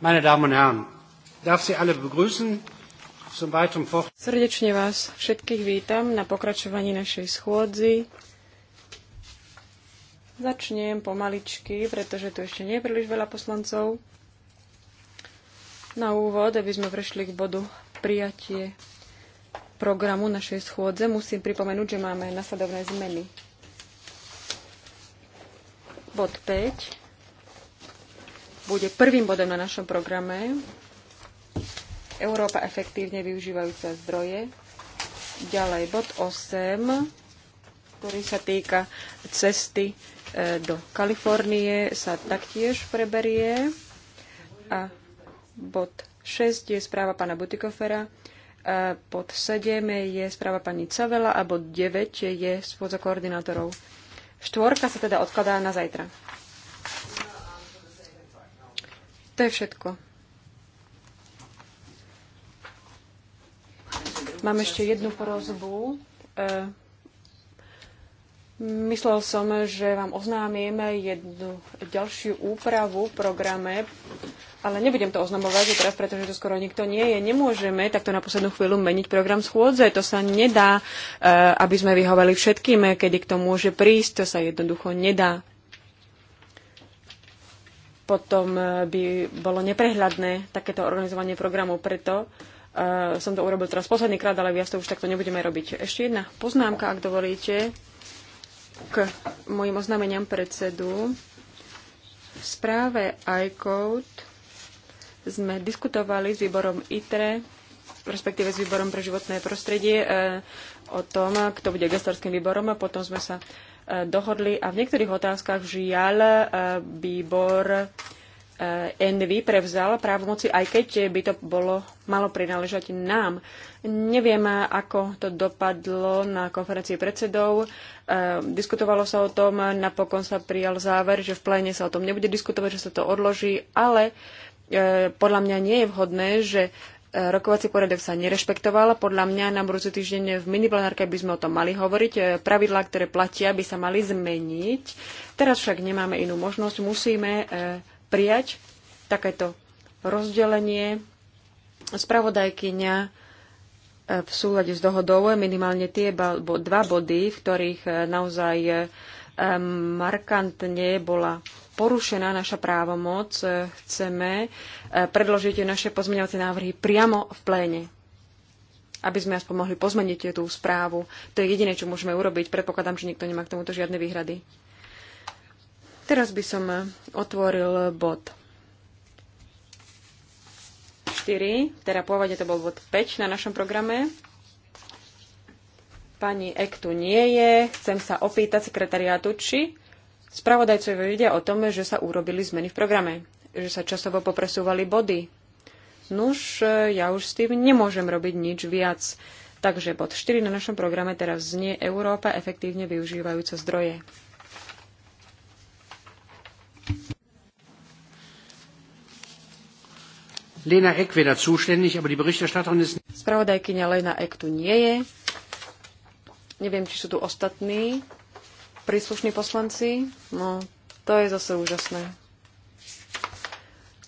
Meine Damen und Herren, darf Sie alle begrüßen zum weiteren Vortrag. Srdečne vás všetkých vítam na pokračovaní našej schôdzi. Začnem pomaličky, pretože tu ešte nie je príliš veľa poslancov. Na úvod, aby sme prešli k bodu prijatie programu našej schôdze, musím pripomenúť, že máme nasledovné zmeny. Bod 5 bude prvým bodom na našom programe. Európa efektívne využívajúca zdroje. Ďalej bod 8, ktorý sa týka cesty e, do Kalifornie, sa taktiež preberie. A bod 6 je správa pána Butikofera. A e, pod 7 je správa pani Cavela a bod 9 je schôdza koordinátorov. Štvorka sa teda odkladá na zajtra. To je všetko. Mám ešte jednu prozbu. E, myslel som, že vám oznámim jednu ďalšiu úpravu v programe, ale nebudem to oznamovať teraz, pretože to skoro nikto nie je. Nemôžeme takto na poslednú chvíľu meniť program schôdze. To sa nedá, e, aby sme vyhovali všetkým, kedy k tomu môže prísť. To sa jednoducho nedá potom e, by bolo neprehľadné takéto organizovanie programu. Preto uh, som to urobil teraz posledný krát, ale viac to už takto nebudeme robiť. Ešte jedna poznámka, ak dovolíte, k mojim oznámeniam predsedu. V správe iCode sme diskutovali s výborom ITRE, respektíve s výborom pre životné prostredie, uh, o tom, kto bude gestorským výborom a potom sme sa uh, Eh, dohodli a v niektorých otázkach žiaľ eh, výbor Envy eh, prevzal právomoci, aj keď by to bolo, malo prináležať nám. Neviem, ako to dopadlo na konferencii predsedov. diskutovalo sa o tom, napokon sa prijal záver, že v pléne sa o tom nebude diskutovať, že sa to odloží, ale podľa mňa nie je vhodné, že rokovací poriadok sa nerešpektoval. Podľa mňa na budúci týždeň v miniplenárke by sme o tom mali hovoriť. Pravidlá, ktoré platia, by sa mali zmeniť. Teraz však nemáme inú možnosť. Musíme e, prijať takéto rozdelenie. Spravodajkyňa e, v súlade s dohodou minimálne tie dva body, v ktorých e, naozaj markantne bola porušená naša právomoc. E, Chceme e, predložiť naše pozmeňovacie návrhy priamo v pléne aby sme aspoň mohli pozmeniť tú správu. To je jediné, čo môžeme urobiť. Predpokladám, že nikto nemá k tomuto žiadne výhrady. Teraz by som e, otvoril bod 4, teda pôvodne to bol bod 5 na našom programe. Pani Ek tu nie je. Chcem sa opýtať sekretariátu, či Spravodajcovia vedia o tom, že sa urobili zmeny v programe, že sa časovo popresúvali body. Nuž, ja už s tým nemôžem robiť nič viac. Takže bod 4 na našom programe teraz znie Európa efektívne využívajúca zdroje. Lena Eck wäre da zuständig, aber die Berichterstatterin ist... Spravodajkyňa Lena Eck tu nie je. Neviem, či sú tu ostatní príslušní poslanci. No, to je zase úžasné.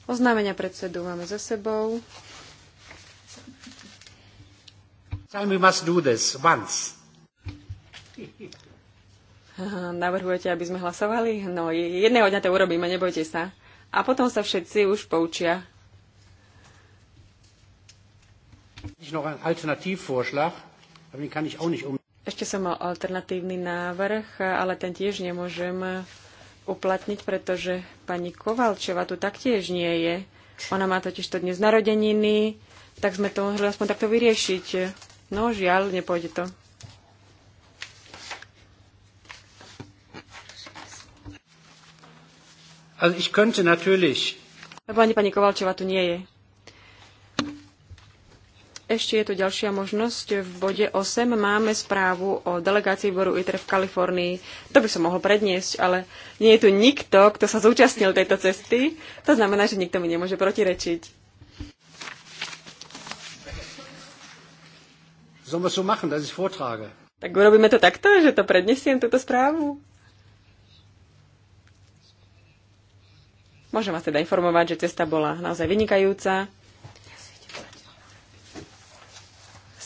Oznámenia predsedu máme za sebou. Navrhujete, aby sme hlasovali? No, jedného dňa to urobíme, nebojte sa. A potom sa všetci už poučia. Ich noch einen Alternativvorschlag, aber den kann ich auch nicht um ešte som mal alternatívny návrh, ale ten tiež nemôžem uplatniť, pretože pani Kovalčeva tu taktiež nie je. Ona má totiž to dnes narodeniny, tak sme to mohli aspoň takto vyriešiť. No žiaľ, nepôjde to. Also ich könnte natürlich... Lebo ani pani Kovalčeva tu nie je. Ešte je tu ďalšia možnosť. V bode 8 máme správu o delegácii boru ITER v Kalifornii. To by som mohol predniesť, ale nie je tu nikto, kto sa zúčastnil tejto cesty. To znamená, že nikto mi nemôže protirečiť. Tak urobíme to takto, že to prednesiem, túto správu. Môžem vás teda informovať, že cesta bola naozaj vynikajúca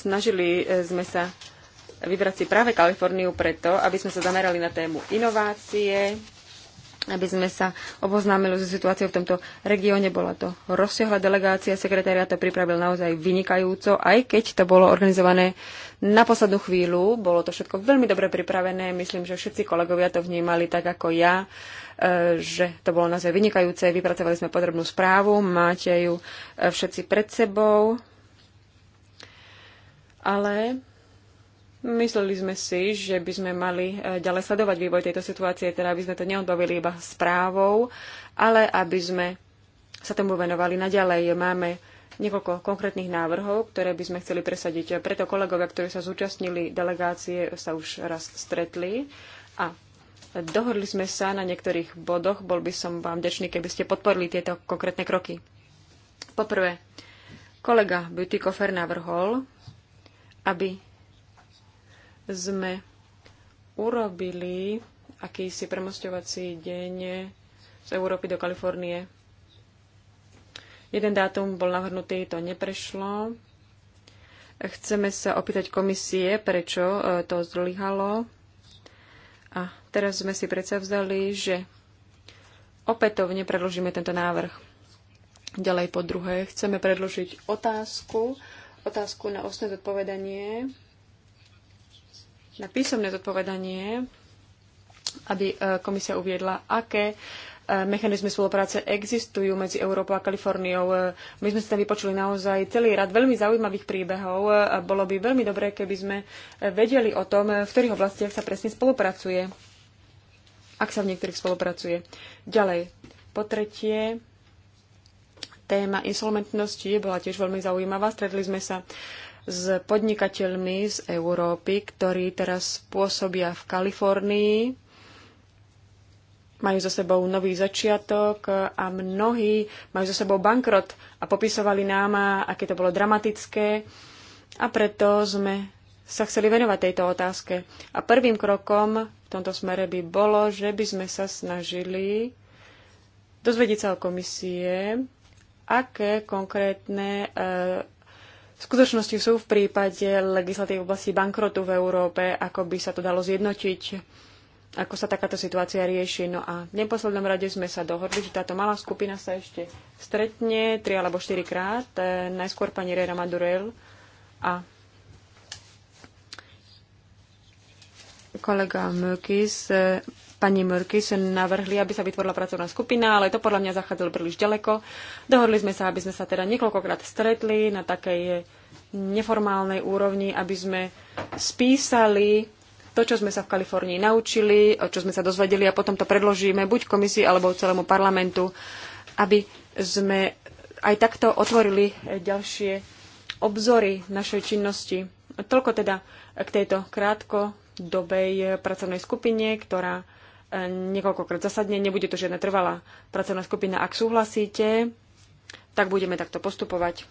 Snažili e, sme sa vybrať si práve Kaliforniu preto, aby sme sa zamerali na tému inovácie, aby sme sa oboznámili so situáciou v tomto regióne. Bola to rozsiahla delegácia, sekretária to pripravil naozaj vynikajúco, aj keď to bolo organizované na poslednú chvíľu. Bolo to všetko veľmi dobre pripravené, myslím, že všetci kolegovia to vnímali tak ako ja, e, že to bolo naozaj vynikajúce. Vypracovali sme podrobnú správu, máte ju e, všetci pred sebou ale mysleli sme si, že by sme mali e, ďalej sledovať vývoj tejto situácie, teda aby sme to neodbavili iba správou, ale aby sme sa tomu venovali naďalej. Máme niekoľko konkrétnych návrhov, ktoré by sme chceli presadiť. Preto kolegovia, ktorí sa zúčastnili delegácie, sa už raz stretli a dohodli sme sa na niektorých bodoch. Bol by som vám dečný, keby ste podporili tieto konkrétne kroky. Poprvé, kolega Beauty navrhol, aby sme urobili akýsi premostovací deň z Európy do Kalifornie. Jeden dátum bol navrhnutý, to neprešlo. Chceme sa opýtať komisie, prečo e, to zlyhalo. A teraz sme si predsa vzali, že opätovne predložíme tento návrh. Ďalej po druhé, chceme predložiť otázku otázku na osné zodpovedanie, na písomné zodpovedanie, aby e, komisia uviedla, aké e, mechanizmy spolupráce existujú medzi Európou a Kaliforniou. E, my sme si tam vypočuli naozaj celý rad veľmi zaujímavých príbehov bolo by veľmi dobré, keby sme vedeli o tom, v ktorých oblastiach sa presne spolupracuje, ak sa v niektorých spolupracuje. Ďalej, po tretie, téma insolventnosti bola tiež veľmi zaujímavá. Stredli sme sa s podnikateľmi z Európy, ktorí teraz pôsobia v Kalifornii. Majú za sebou nový začiatok a mnohí majú za sebou bankrot a popisovali nám, aké to bolo dramatické a preto sme sa chceli venovať tejto otázke. A prvým krokom v tomto smere by bolo, že by sme sa snažili dozvedieť sa o komisie, aké konkrétne e, skutočnosti sú v prípade legislatívy v oblasti bankrotu v Európe, ako by sa to dalo zjednotiť, ako sa takáto situácia rieši. No a v neposlednom rade sme sa dohodli, že táto malá skupina sa ešte stretne tri alebo štyri krát, e, najskôr pani Rera Madurel a kolega Mökis e, pani Murkison navrhli, aby sa vytvorila pracovná skupina, ale to podľa mňa zachádzalo príliš ďaleko. Dohodli sme sa, aby sme sa teda niekoľkokrát stretli na takej neformálnej úrovni, aby sme spísali to, čo sme sa v Kalifornii naučili, čo sme sa dozvedeli a potom to predložíme buď komisii alebo celému parlamentu, aby sme aj takto otvorili ďalšie obzory našej činnosti. Toľko teda k tejto krátko dobej pracovnej skupine, ktorá niekoľkokrát zasadne. Nebude to žiadna trvalá pracovná skupina. Ak súhlasíte, tak budeme takto postupovať.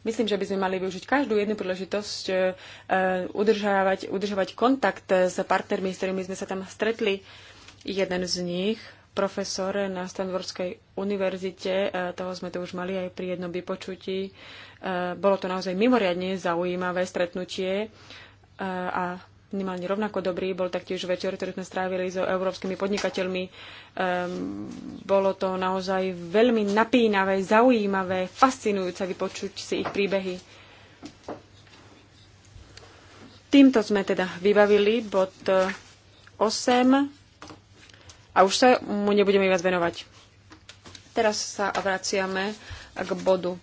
Myslím, že by sme mali využiť každú jednu príležitosť e, udržávať, udržovať kontakt s partnermi, s ktorými sme sa tam stretli. Jeden z nich, profesor na Stanfordskej univerzite, e, toho sme tu už mali aj pri jednom vypočutí. E, bolo to naozaj mimoriadne zaujímavé stretnutie a minimálne rovnako dobrý. Bol taktiež večer, ktorý sme strávili so európskymi podnikateľmi. Um, bolo to naozaj veľmi napínavé, zaujímavé, fascinujúce vypočuť si ich príbehy. Týmto sme teda vybavili bod 8 eh, a už sa mu nebudeme viac venovať. Teraz sa vraciame k bodu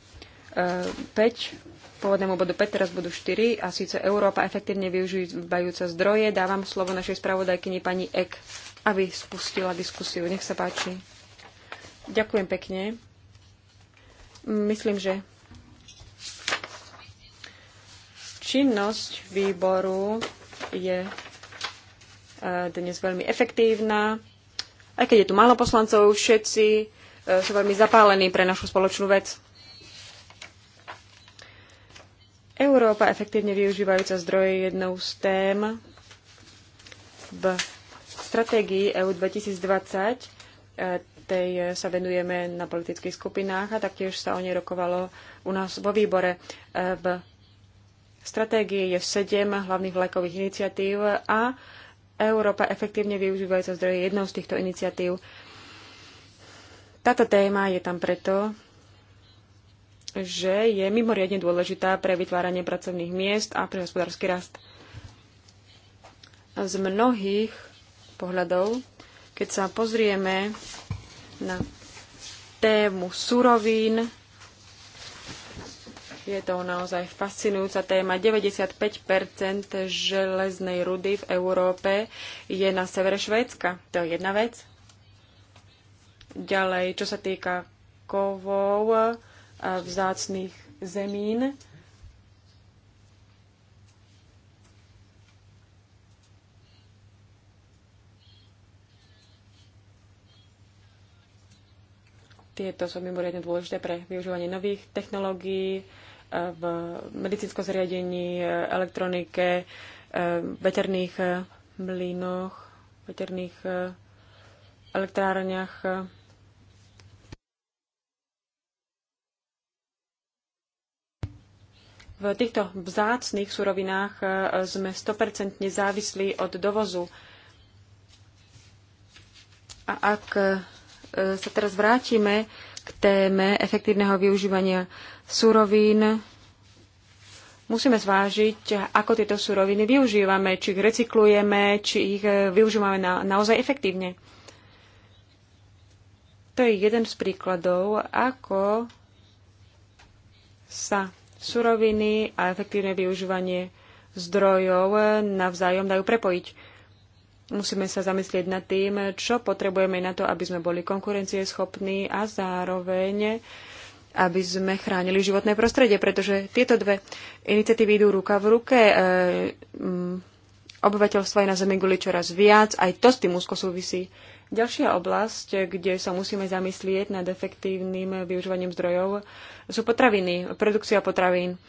5 eh, pôvodnému bodu 5, teraz bodu 4, a síce Európa efektívne využívajúca zdroje. Dávam slovo našej spravodajkyni pani Ek, aby spustila diskusiu. Nech sa páči. Ďakujem pekne. Myslím, že činnosť výboru je e, dnes veľmi efektívna. Aj keď je tu málo poslancov, všetci e, sú veľmi zapálení pre našu spoločnú vec. Európa efektívne využívajúca zdroje je jednou z tém v stratégii EU 2020. E, tej sa venujeme na politických skupinách a taktiež sa o nej rokovalo u nás vo výbore. E, v stratégii je sedem hlavných vlajkových iniciatív a Európa efektívne využívajúca zdroje je jednou z týchto iniciatív. Táto téma je tam preto, že je mimoriadne dôležitá pre vytváranie pracovných miest a pre hospodársky rast. Z mnohých pohľadov, keď sa pozrieme na tému surovín, je to naozaj fascinujúca téma. 95 železnej rudy v Európe je na severe Švédska. To je jedna vec. Ďalej, čo sa týka kovov, vzácných zemín. Tieto sú mimoriadne dôležité pre využívanie nových technológií e, v medicínskom zariadení, e, elektronike, e, veterných mlynoch, veterných elektrárniach. V týchto vzácných surovinách e, sme 100% závislí od dovozu. A ak e, sa teraz vrátime k téme efektívneho využívania surovín, musíme zvážiť, ako tieto suroviny využívame, či ich recyklujeme, či ich e, využívame na, naozaj efektívne. To je jeden z príkladov, ako sa suroviny a efektívne využívanie zdrojov navzájom dajú prepojiť. Musíme sa zamyslieť nad tým, čo potrebujeme na to, aby sme boli konkurencieschopní a zároveň aby sme chránili životné prostredie, pretože tieto dve iniciatívy idú ruka v ruke. E, m, obyvateľstva je na Zemi guli čoraz viac, aj to s tým úzko súvisí. E, Ďalšia oblasť, kde sa musíme zamyslieť nad efektívnym využívaním zdrojov, sú potraviny, produkcia potravín.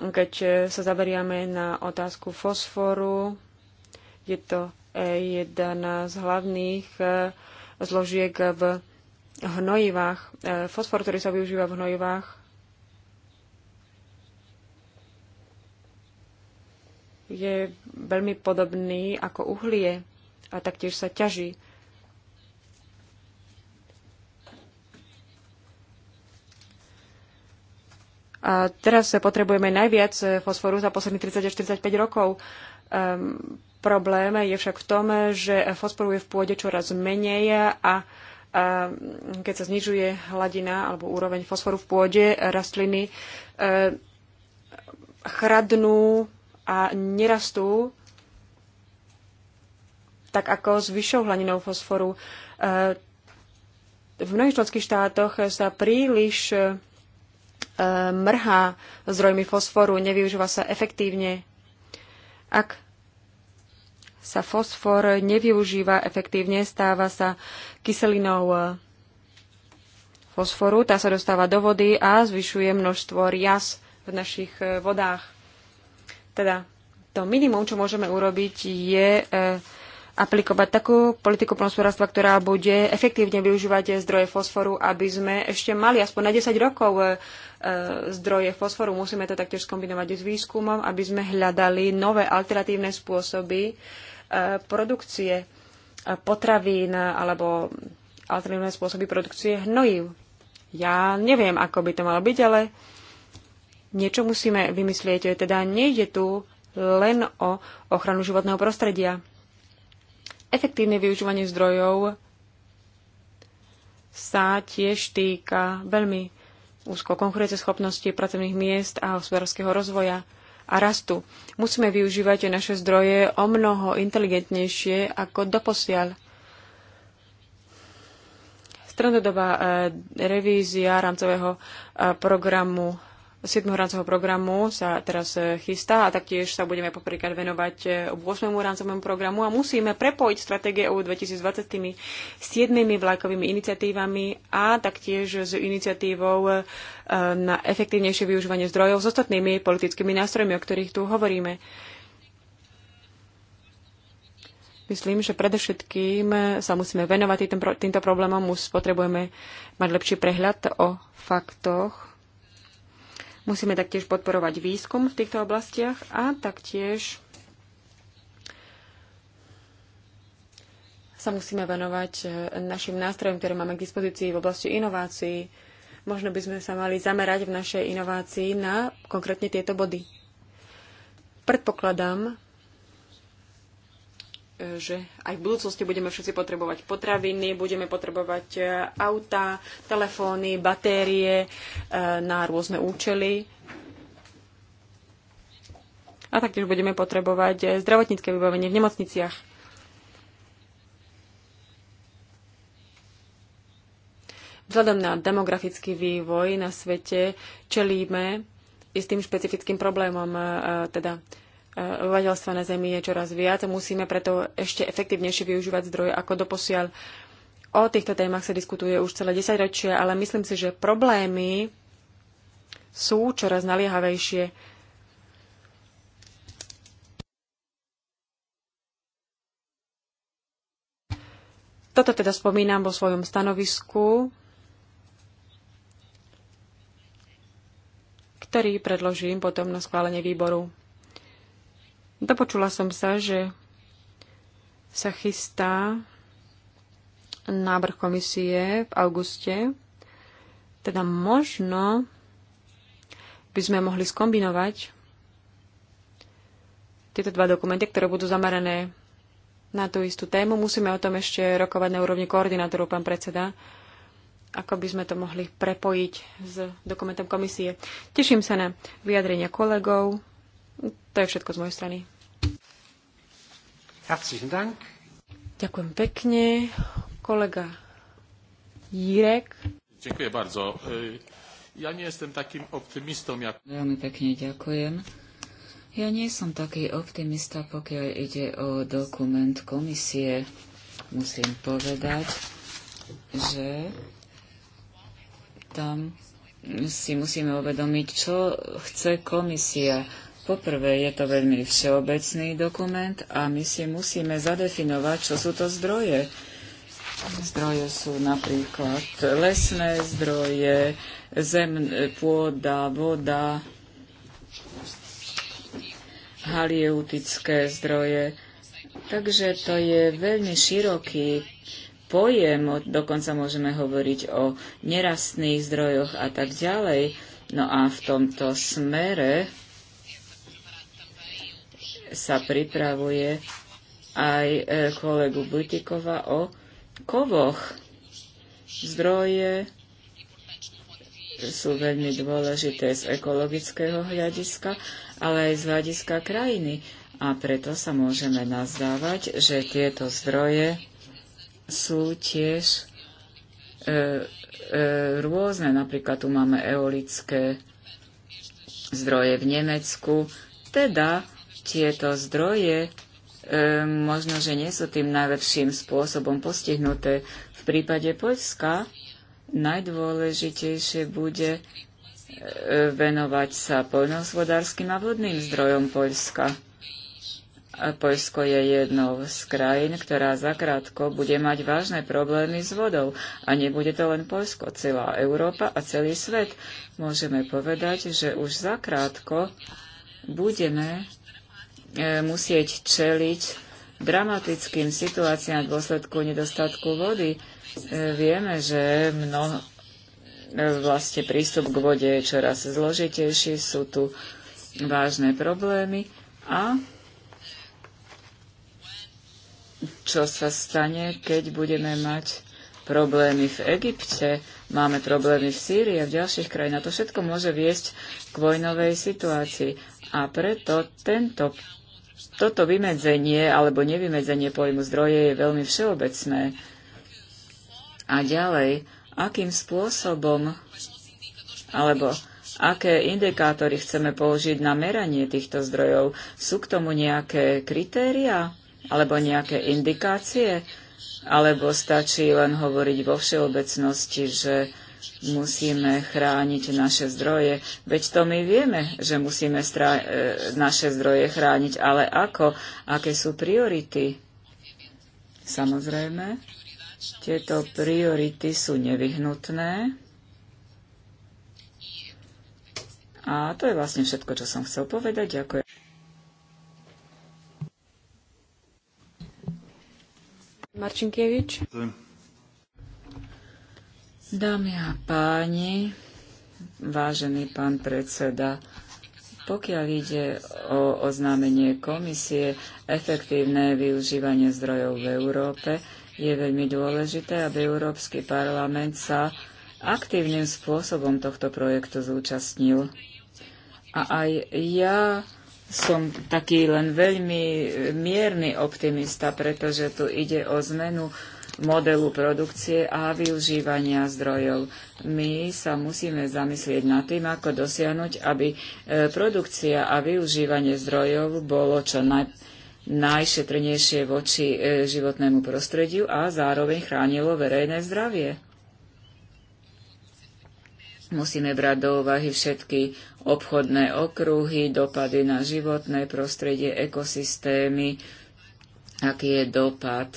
Keď sa zaberiame na otázku fosforu, je to jedna z hlavných e, zložiek v hnojivách. E, fosfor, ktorý sa využíva v hnojivách, je veľmi podobný ako uhlie a taktiež sa ťaží A teraz potrebujeme najviac fosforu za posledných 30 až 45 rokov. Um, problém je však v tom, že fosforu je v pôde čoraz menej a a ehm, keď sa znižuje hladina alebo úroveň fosforu v pôde, rastliny ehm, chradnú a nerastú tak ako s vyššou hladinou fosforu. v mnohých členských štátoch sa príliš mrhá zdrojmi fosforu, nevyužíva sa efektívne. Ak sa fosfor nevyužíva efektívne, stáva sa kyselinou e, fosforu, tá sa dostáva do vody a zvyšuje množstvo rias v našich e, vodách. Teda to minimum, čo môžeme urobiť, je e, aplikovať takú politiku plnospodárstva, ktorá bude efektívne využívať zdroje fosforu, aby sme ešte mali aspoň na 10 rokov e, zdroje fosforu. Musíme to taktiež skombinovať s výskumom, aby sme hľadali nové alternatívne spôsoby e, produkcie e, potravín alebo alternatívne spôsoby produkcie hnojív. Ja neviem, ako by to malo byť, ale niečo musíme vymyslieť. Teda nejde tu len o ochranu životného prostredia efektívne využívanie zdrojov sa tiež týka veľmi úzko konkurenceschopnosti pracovných miest a hospodárskeho rozvoja a rastu. Musíme využívať naše zdroje o mnoho inteligentnejšie ako doposiaľ. Strednodobá eh, revízia rámcového eh, programu 7. rámcového programu sa teraz e, chystá a taktiež sa budeme popríklad venovať 8. E, rámcovému programu a musíme prepojiť stratégie EU 2020 s tými 7. vlajkovými iniciatívami a taktiež s iniciatívou e, na efektívnejšie využívanie zdrojov s ostatnými politickými nástrojmi, o ktorých tu hovoríme. Myslím, že predovšetkým sa musíme venovať týmto problémom, potrebujeme mať lepší prehľad o faktoch, Musíme taktiež podporovať výskum v týchto oblastiach a taktiež sa musíme venovať e, našim nástrojom, ktoré máme k dispozícii v oblasti inovácií. Možno by sme sa mali zamerať v našej inovácii na konkrétne tieto body. Predpokladám, že aj v budúcnosti budeme všetci potrebovať potraviny, budeme potrebovať e, auta, telefóny, batérie e, na rôzne účely. A taktiež budeme potrebovať e, zdravotnícke vybavenie v nemocniciach. Vzhľadom na demografický vývoj na svete čelíme istým špecifickým problémom, teda obyvateľstva na Zemi je čoraz viac. Musíme preto ešte efektívnejšie využívať zdroje ako doposiaľ. O týchto témach sa diskutuje už celé desaťročie, ale myslím si, že problémy sú čoraz naliehavejšie. Toto teda spomínam vo svojom stanovisku, ktorý predložím potom na schválenie výboru. Dopočula som sa, že sa chystá návrh komisie v auguste. Teda možno by sme mohli skombinovať tieto dva dokumenty, ktoré budú zamerané na tú istú tému. Musíme o tom ešte rokovať na úrovni koordinátorov, pán predseda, ako by sme to mohli prepojiť s dokumentom komisie. Teším sa na vyjadrenia kolegov to je všetko z mojej strany. Herzlichen Dank. Ďakujem pekne. Kolega Jirek. Ďakujem bardzo. E, ja nie som takým optimistom. jak... Veľmi pekne ďakujem. Ja nie som taký optimista, pokiaľ ide o dokument komisie. Musím povedať, že tam si musíme uvedomiť, čo chce komisia Poprvé, je to veľmi všeobecný dokument a my si musíme zadefinovať, čo sú to zdroje. Zdroje sú napríklad lesné zdroje, zem, pôda, voda, halieutické zdroje. Takže to je veľmi široký pojem, dokonca môžeme hovoriť o nerastných zdrojoch a tak ďalej. No a v tomto smere sa pripravuje aj e, kolegu Butikova o kovoch. Zdroje sú veľmi dôležité z ekologického hľadiska, ale aj z hľadiska krajiny. A preto sa môžeme nazdávať, že tieto zdroje sú tiež e, e, rôzne. Napríklad tu máme eolické zdroje v Nemecku. Teda tieto zdroje e, možno, že nie sú tým najlepším spôsobom postihnuté. V prípade Poľska najdôležitejšie bude e, venovať sa poľnohospodárskym a vodným zdrojom Poľska. A Poľsko je jednou z krajín, ktorá zakrátko bude mať vážne problémy s vodou. A nebude to len Poľsko, celá Európa a celý svet. Môžeme povedať, že už zakrátko budeme E, musieť čeliť dramatickým situáciám v dôsledku nedostatku vody. E, vieme, že mnoho, e, vlastne prístup k vode je čoraz zložitejší, sú tu vážne problémy a čo sa stane, keď budeme mať problémy v Egypte, máme problémy v Sýrii a v ďalších krajinách. To všetko môže viesť k vojnovej situácii. A preto tento toto vymedzenie alebo nevymedzenie pojmu zdroje je veľmi všeobecné. A ďalej, akým spôsobom alebo aké indikátory chceme použiť na meranie týchto zdrojov. Sú k tomu nejaké kritéria alebo nejaké indikácie? Alebo stačí len hovoriť vo všeobecnosti, že musíme chrániť naše zdroje. Veď to my vieme, že musíme e, naše zdroje chrániť, ale ako? Aké sú priority? Samozrejme, tieto priority sú nevyhnutné. A to je vlastne všetko, čo som chcel povedať. Ďakujem. Marčinkievič. Dámy a páni, vážený pán predseda, pokiaľ ide o oznámenie komisie, efektívne využívanie zdrojov v Európe, je veľmi dôležité, aby Európsky parlament sa aktívnym spôsobom tohto projektu zúčastnil. A aj ja som taký len veľmi mierny optimista, pretože tu ide o zmenu modelu produkcie a využívania zdrojov. My sa musíme zamyslieť nad tým, ako dosiahnuť, aby e, produkcia a využívanie zdrojov bolo čo naj, najšetrnejšie voči e, životnému prostrediu a zároveň chránilo verejné zdravie. Musíme brať do úvahy všetky obchodné okruhy, dopady na životné prostredie, ekosystémy, aký je dopad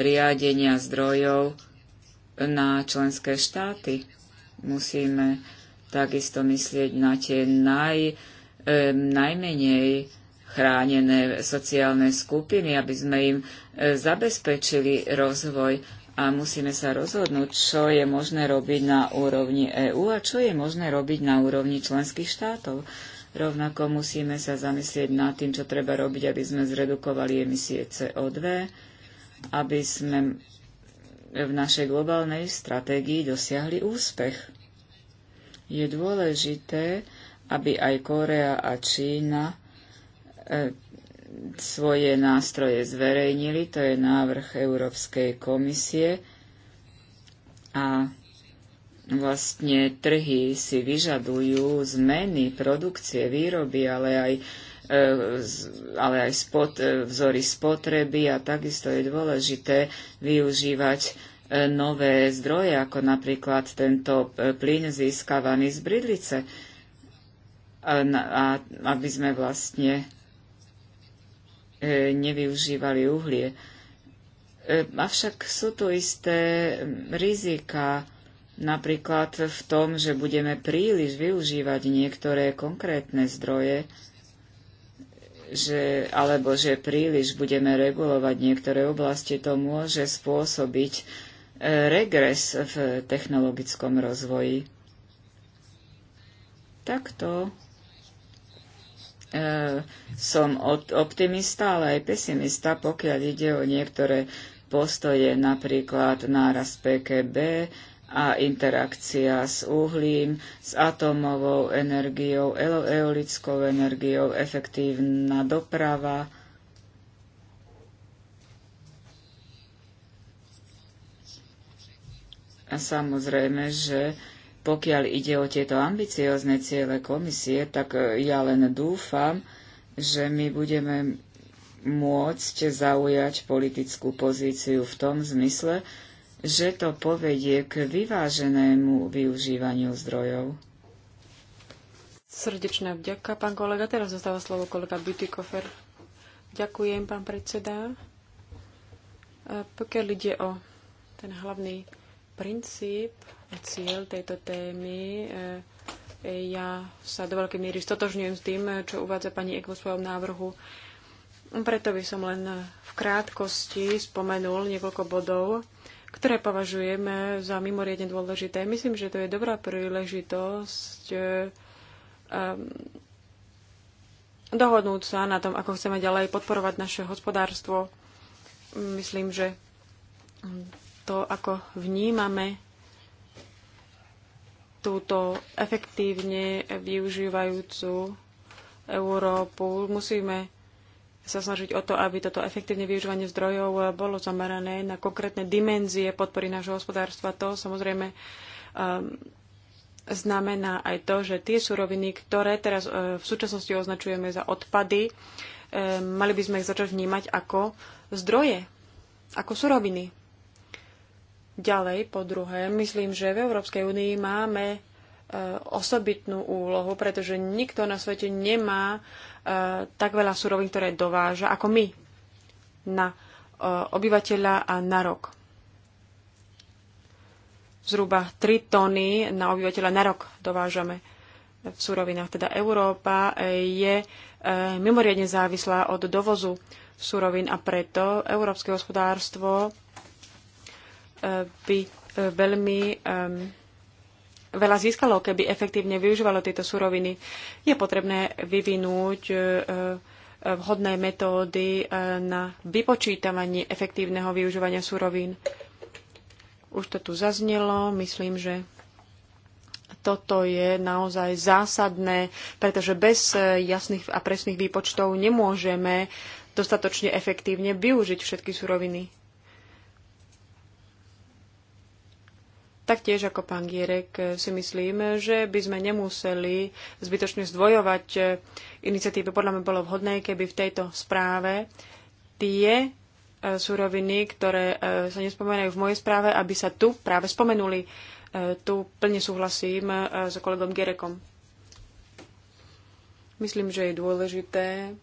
riadenia zdrojov na členské štáty. Musíme takisto myslieť na tie naj, e, najmenej chránené sociálne skupiny, aby sme im e, zabezpečili rozvoj a musíme sa rozhodnúť, čo je možné robiť na úrovni EÚ a čo je možné robiť na úrovni členských štátov. Rovnako musíme sa zamyslieť nad tým, čo treba robiť, aby sme zredukovali emisie CO2, aby sme v našej globálnej stratégii dosiahli úspech. Je dôležité, aby aj Korea a Čína e, svoje nástroje zverejnili, to je návrh Európskej komisie a vlastne trhy si vyžadujú zmeny produkcie, výroby, ale aj E, ale aj spot, e, vzory spotreby a takisto je dôležité využívať e, nové zdroje, ako napríklad tento plyn získavaný z bridlice. A, a aby sme vlastne nevyužívali uhlie. Avšak sú tu isté rizika, napríklad v tom, že budeme príliš využívať niektoré konkrétne zdroje, že, alebo že príliš budeme regulovať niektoré oblasti, to môže spôsobiť e, regres v technologickom rozvoji. Takto e, som optimista, ale aj pesimista, pokiaľ ide o niektoré postoje, napríklad nárast PKB, a interakcia s uhlím, s atómovou energiou, eolickou energiou, efektívna doprava. A samozrejme, že pokiaľ ide o tieto ambiciozne ciele komisie, tak e, ja len dúfam, že my budeme môcť zaujať politickú pozíciu v tom zmysle, že to povedie k vyváženému využívaniu zdrojov. Srdečná vďaka, pán kolega. Teraz zostáva slovo kolega Bytykofer. Ďakujem, pán predseda. E, pokiaľ ide o ten hlavný princíp a cieľ tejto témy, e, ja sa do veľkej miery stotožňujem s tým, čo uvádza pani Ek vo svojom návrhu. Preto by som len v krátkosti spomenul niekoľko bodov, ktoré považujeme za mimoriadne dôležité. Myslím, že to je dobrá príležitosť um, dohodnúť sa na tom, ako chceme ďalej podporovať naše hospodárstvo. Myslím, že to, ako vnímame túto efektívne využívajúcu Európu, musíme sa snažiť o to, aby toto efektívne využívanie zdrojov eh, bolo zamerané na konkrétne dimenzie podpory nášho hospodárstva. To samozrejme um, znamená aj to, že tie suroviny, ktoré teraz uh, v súčasnosti označujeme za odpady, um, mali by sme ich začať vnímať ako zdroje, ako suroviny. Ďalej, po druhé, myslím, že v Európskej únii máme Eh, osobitnú úlohu, pretože nikto na svete nemá eh, tak veľa surovín, ktoré dováža ako my na eh, obyvateľa a na rok. Zhruba 3 tony na obyvateľa na rok dovážame v surovinách. Teda Európa je mimoriadne závislá od dovozu surovín a preto európske hospodárstvo by veľmi veľa získalo, keby efektívne využívalo tieto suroviny. Je potrebné vyvinúť e, e, vhodné metódy e, na vypočítavanie efektívneho využívania surovín. Už to tu zaznelo, myslím, že toto je naozaj zásadné, pretože bez jasných a presných výpočtov nemôžeme dostatočne efektívne využiť všetky suroviny. Taktiež ako pán Gierek eh, si myslím, že by sme nemuseli zbytočne zdvojovať eh, iniciatívy. Podľa mňa bolo vhodné, keby v tejto správe tie eh, suroviny, ktoré sa nespomenajú v mojej správe, aby sa tu práve spomenuli. Tu plne súhlasím s kolegom Gerekom. Myslím, že je dôležité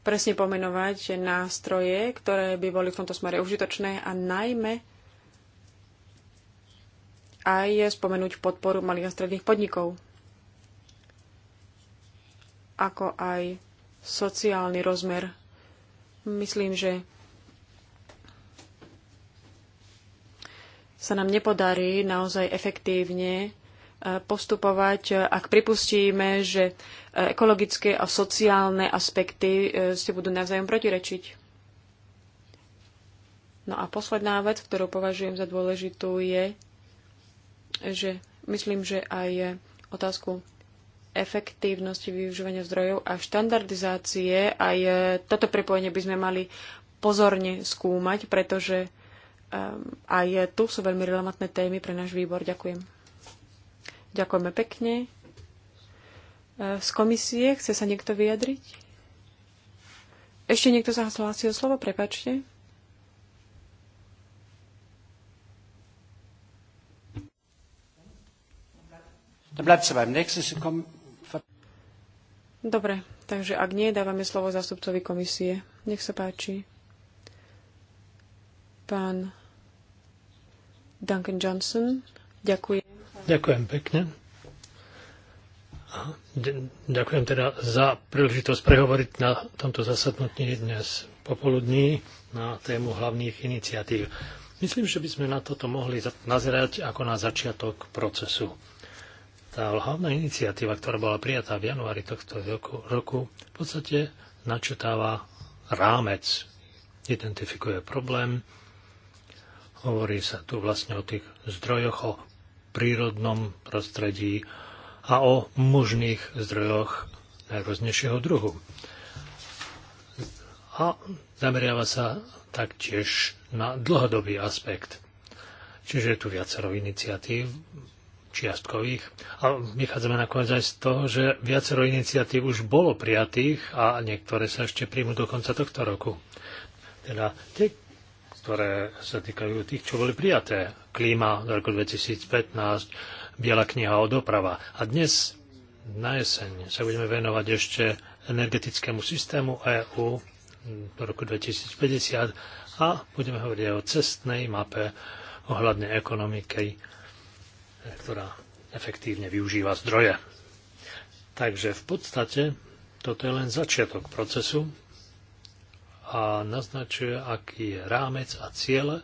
presne pomenovať nástroje, ktoré by boli v tomto smere užitočné a najmä aj spomenúť podporu malých a stredných podnikov, ako aj sociálny rozmer. Myslím, že sa nám nepodarí naozaj efektívne e, postupovať, e, ak pripustíme, že e, ekologické a sociálne aspekty si budú navzájom protirečiť. No a posledná vec, ktorú považujem za dôležitú, je že myslím, že aj otázku efektívnosti využívania zdrojov a štandardizácie, aj toto prepojenie by sme mali pozorne skúmať, pretože ehm, aj tu sú veľmi relevantné témy pre náš výbor. Ďakujem. Ďakujeme pekne. Ehm, z komisie chce sa niekto vyjadriť? Ešte niekto sa hlási o slovo? Prepačte. Dobre, takže ak nie, dávame slovo zástupcovi komisie. Nech sa páči. Pán Duncan Johnson, ďakujem. Ďakujem pekne. Ďakujem teda za príležitosť prehovoriť na tomto zasadnutí dnes popoludní na tému hlavných iniciatív. Myslím, že by sme na toto mohli nazerať ako na začiatok procesu tá hlavná iniciatíva, ktorá bola prijatá v januári tohto roku, roku v podstate načetáva rámec, identifikuje problém, hovorí sa tu vlastne o tých zdrojoch, o prírodnom prostredí a o možných zdrojoch najrôznejšieho druhu. A zameriava sa taktiež na dlhodobý aspekt. Čiže je tu viacero iniciatív čiastkových. A vychádzame nakoniec aj z toho, že viacero iniciatív už bolo prijatých a niektoré sa ešte príjmu do konca tohto roku. Teda tie, ktoré sa týkajú tých, čo boli prijaté. Klíma v roku 2015, Biela kniha o doprava. A dnes na jeseň sa budeme venovať ešte energetickému systému EÚ do roku 2050 a budeme hovoriť aj o cestnej mape ohľadne ekonomiky ktorá efektívne využíva zdroje. Takže v podstate toto je len začiatok procesu a naznačuje, aký je rámec a ciele,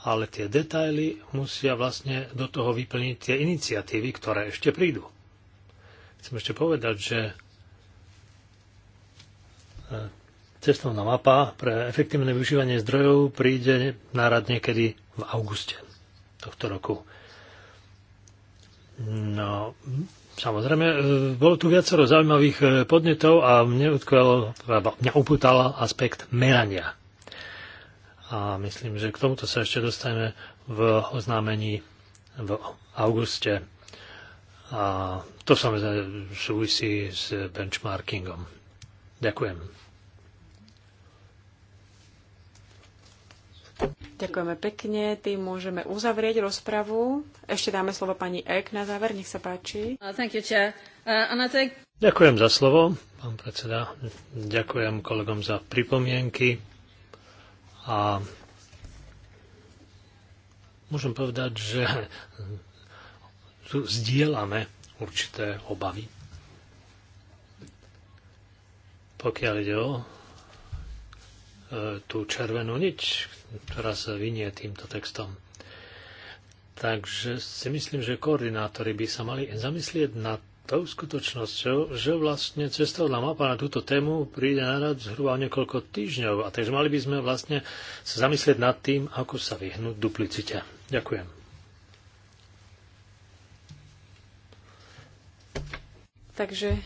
ale tie detaily musia vlastne do toho vyplniť tie iniciatívy, ktoré ešte prídu. Chcem ešte povedať, že e, cestovná mapa pre efektívne využívanie zdrojov príde nárad niekedy v auguste tohto roku. No, samozrejme, e, bolo tu viacero zaujímavých e, podnetov a mne utkvel, mňa upútal aspekt merania. A myslím, že k tomuto sa ešte dostaneme v oznámení v auguste. A to samozrejme súvisí s benchmarkingom. Ďakujem. Ďakujeme pekne. Tým môžeme uzavrieť rozpravu. Ešte dáme slovo pani Ek na záver. Nech sa páči. Uh, uh, Ďakujem za slovo, pán predseda. Ďakujem kolegom za pripomienky. A môžem povedať, že tu zdieľame určité obavy. Pokiaľ ide o E, tú červenú niť, ktorá sa vynie týmto textom. Takže si myslím, že koordinátori by sa mali zamyslieť nad tou skutočnosťou, že vlastne cestovná mapa na túto tému príde na rad zhruba niekoľko týždňov. A takže mali by sme vlastne sa zamyslieť nad tým, ako sa vyhnúť duplicite. Ďakujem. Takže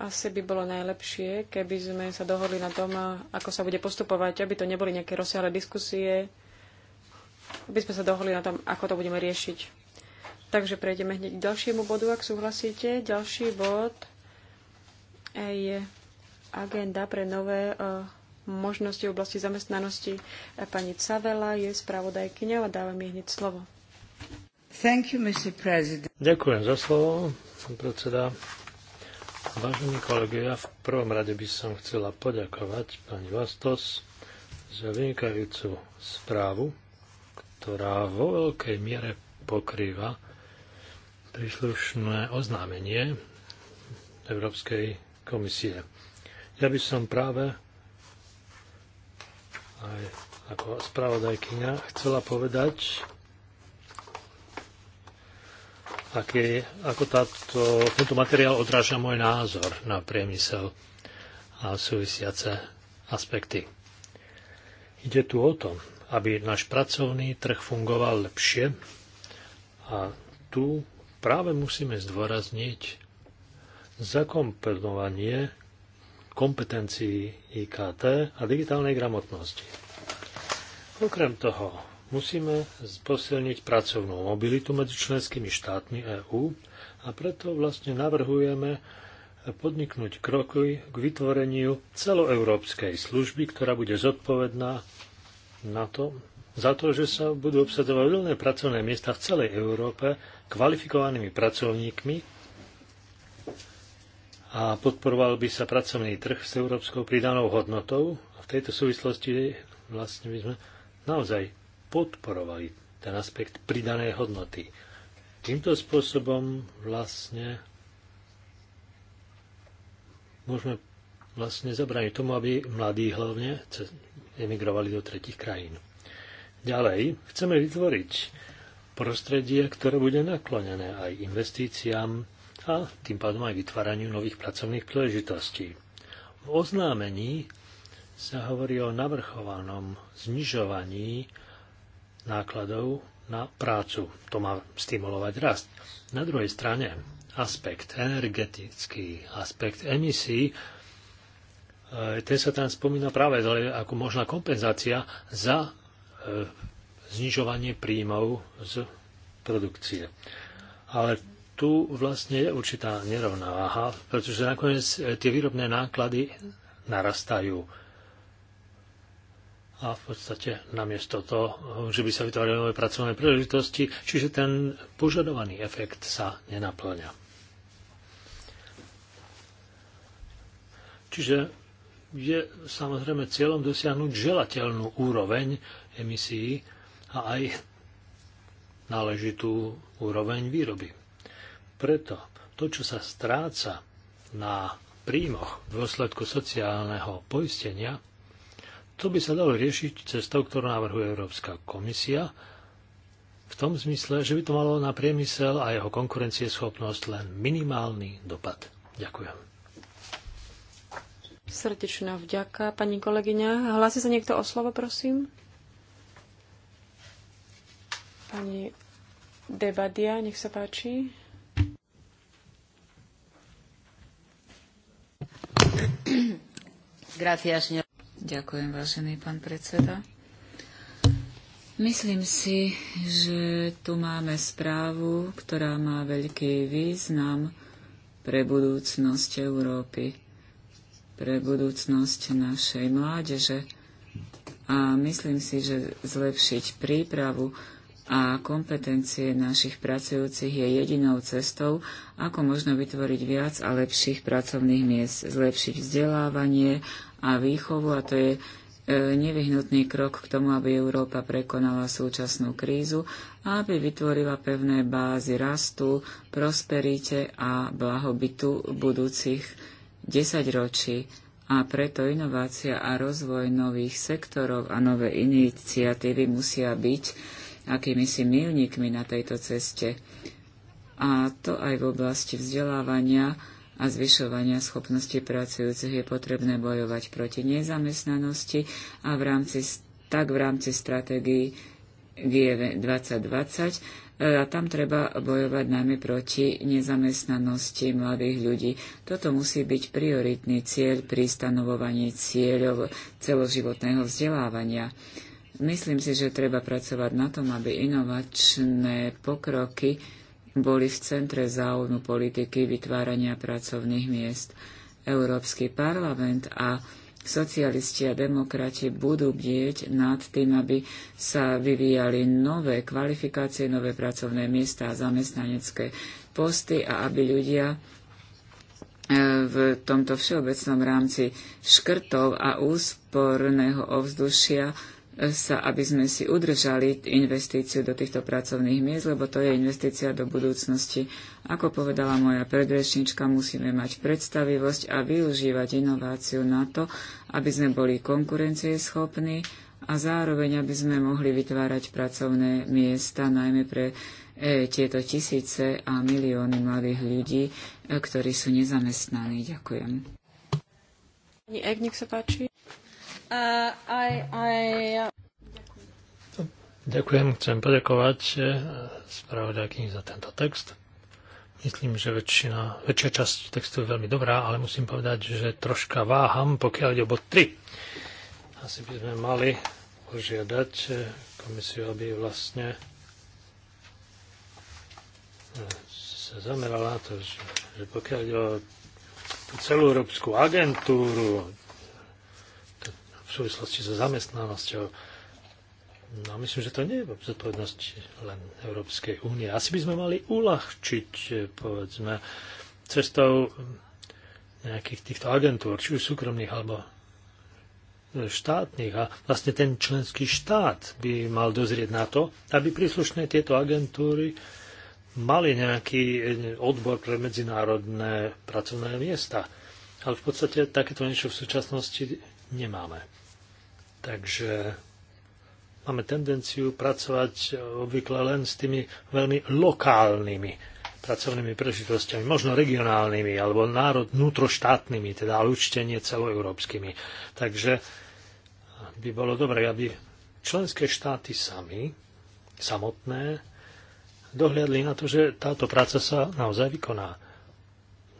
asi by bolo najlepšie, keby sme sa dohodli na tom, ako sa bude postupovať, aby to neboli nejaké rozsiahle diskusie, aby sme sa dohodli na tom, ako to budeme riešiť. Takže prejdeme hneď k ďalšiemu bodu, ak súhlasíte. Ďalší bod je agenda pre nové e, možnosti v oblasti zamestnanosti. Pani Cavela je spravodajkyňa a dávam jej hneď slovo. You, Ďakujem za slovo, pán predseda. Vážení kolegovia, v prvom rade by som chcela poďakovať pani Vastos za vynikajúcu správu, ktorá vo veľkej miere pokrýva príslušné oznámenie Európskej komisie. Ja by som práve aj ako spravodajkyňa chcela povedať, aké, ako táto, tento materiál odráža môj názor na priemysel a súvisiace aspekty. Ide tu o to, aby náš pracovný trh fungoval lepšie a tu práve musíme zdôrazniť zakomponovanie kompetencií IKT a digitálnej gramotnosti. Okrem toho, Musíme posilniť pracovnú mobilitu medzi členskými štátmi EÚ a preto vlastne navrhujeme podniknúť kroky k vytvoreniu celoeurópskej služby, ktorá bude zodpovedná na to, za to, že sa budú obsadzovať voľné pracovné miesta v celej Európe kvalifikovanými pracovníkmi a podporoval by sa pracovný trh s európskou pridanou hodnotou. A v tejto súvislosti vlastne by sme naozaj podporovali ten aspekt pridanej hodnoty. Týmto spôsobom vlastne môžeme vlastne zabraniť tomu, aby mladí hlavne emigrovali do tretich krajín. Ďalej, chceme vytvoriť prostredie, ktoré bude naklonené aj investíciám a tým pádom aj vytváraniu nových pracovných príležitostí. V oznámení sa hovorí o navrchovanom znižovaní nákladov na prácu. To má stimulovať rast. Na druhej strane aspekt energetický, aspekt emisí, e, ten sa tam spomína práve ako možná kompenzácia za e, znižovanie príjmov z produkcie. Ale tu vlastne je určitá nerovnováha, pretože nakoniec e, tie výrobné náklady narastajú a v podstate namiesto toho, že by sa vytvárali nové pracovné príležitosti, čiže ten požadovaný efekt sa nenaplňa. Čiže je samozrejme cieľom dosiahnuť želateľnú úroveň emisí a aj náležitú úroveň výroby. Preto to, čo sa stráca na príjmoch v dôsledku sociálneho poistenia, to by sa dalo riešiť cestou, ktorú navrhuje Európska komisia, v tom zmysle, že by to malo na priemysel a jeho konkurencieschopnosť len minimálny dopad. Ďakujem. Srdečná vďaka, pani kolegyňa. Hlási sa niekto o slovo, prosím? Pani Debadia, nech sa páči. Gracias, señor. Ďakujem, vážený pán predseda. Myslím si, že tu máme správu, ktorá má veľký význam pre budúcnosť Európy, pre budúcnosť našej mládeže. A myslím si, že zlepšiť prípravu a kompetencie našich pracujúcich je jedinou cestou, ako možno vytvoriť viac a lepších pracovných miest, zlepšiť vzdelávanie a výchovu a to je e, nevyhnutný krok k tomu, aby Európa prekonala súčasnú krízu a aby vytvorila pevné bázy rastu, prosperite a blahobytu budúcich desaťročí. A preto inovácia a rozvoj nových sektorov a nové iniciatívy musia byť akýmisi milníkmi na tejto ceste. A to aj v oblasti vzdelávania, a zvyšovania schopnosti pracujúcich je potrebné bojovať proti nezamestnanosti a v rámci, tak v rámci stratégií G2020 e, a tam treba bojovať najmä proti nezamestnanosti mladých ľudí. Toto musí byť prioritný cieľ pri stanovovaní cieľov celoživotného vzdelávania. Myslím si, že treba pracovať na tom, aby inovačné pokroky boli v centre záujmu politiky vytvárania pracovných miest. Európsky parlament a socialisti a demokrati budú bdieť nad tým, aby sa vyvíjali nové kvalifikácie, nové pracovné miesta a zamestnanecké posty a aby ľudia e, v tomto všeobecnom rámci škrtov a úsporného ovzdušia sa, aby sme si udržali investíciu do týchto pracovných miest, lebo to je investícia do budúcnosti. Ako povedala moja predrečnička, musíme mať predstavivosť a využívať inováciu na to, aby sme boli konkurencieschopní a zároveň, aby sme mohli vytvárať pracovné miesta, najmä pre e, tieto tisíce a milióny mladých ľudí, e, ktorí sú nezamestnaní. Ďakujem. Pani nech sa páči. Uh, uh, Ďakujem, chcem poďakovať eh, spravodajkyni za tento text. Myslím, že väčšina, väčšia časť textu je veľmi dobrá, ale musím povedať, že troška váham, pokiaľ ide o bod 3. Asi by sme mali požiadať eh, komisiu, aby vlastne eh, sa zamerala na to, že, že pokiaľ ide o celú európsku agentúru v súvislosti so zamestnanosťou. No myslím, že to nie je zodpovednosti len Európskej únie. Asi by sme mali uľahčiť, povedzme, cestou nejakých týchto agentúr, či už súkromných alebo štátnych. A vlastne ten členský štát by mal dozrieť na to, aby príslušné tieto agentúry mali nejaký odbor pre medzinárodné pracovné miesta. Ale v podstate takéto niečo v súčasnosti nemáme. Takže máme tendenciu pracovať obvykle len s tými veľmi lokálnymi pracovnými príležitostiami, možno regionálnymi alebo národ vnútroštátnymi, teda ale určite nie celoeurópskymi. Takže by bolo dobré, aby členské štáty sami, samotné, dohliadli na to, že táto práca sa naozaj vykoná.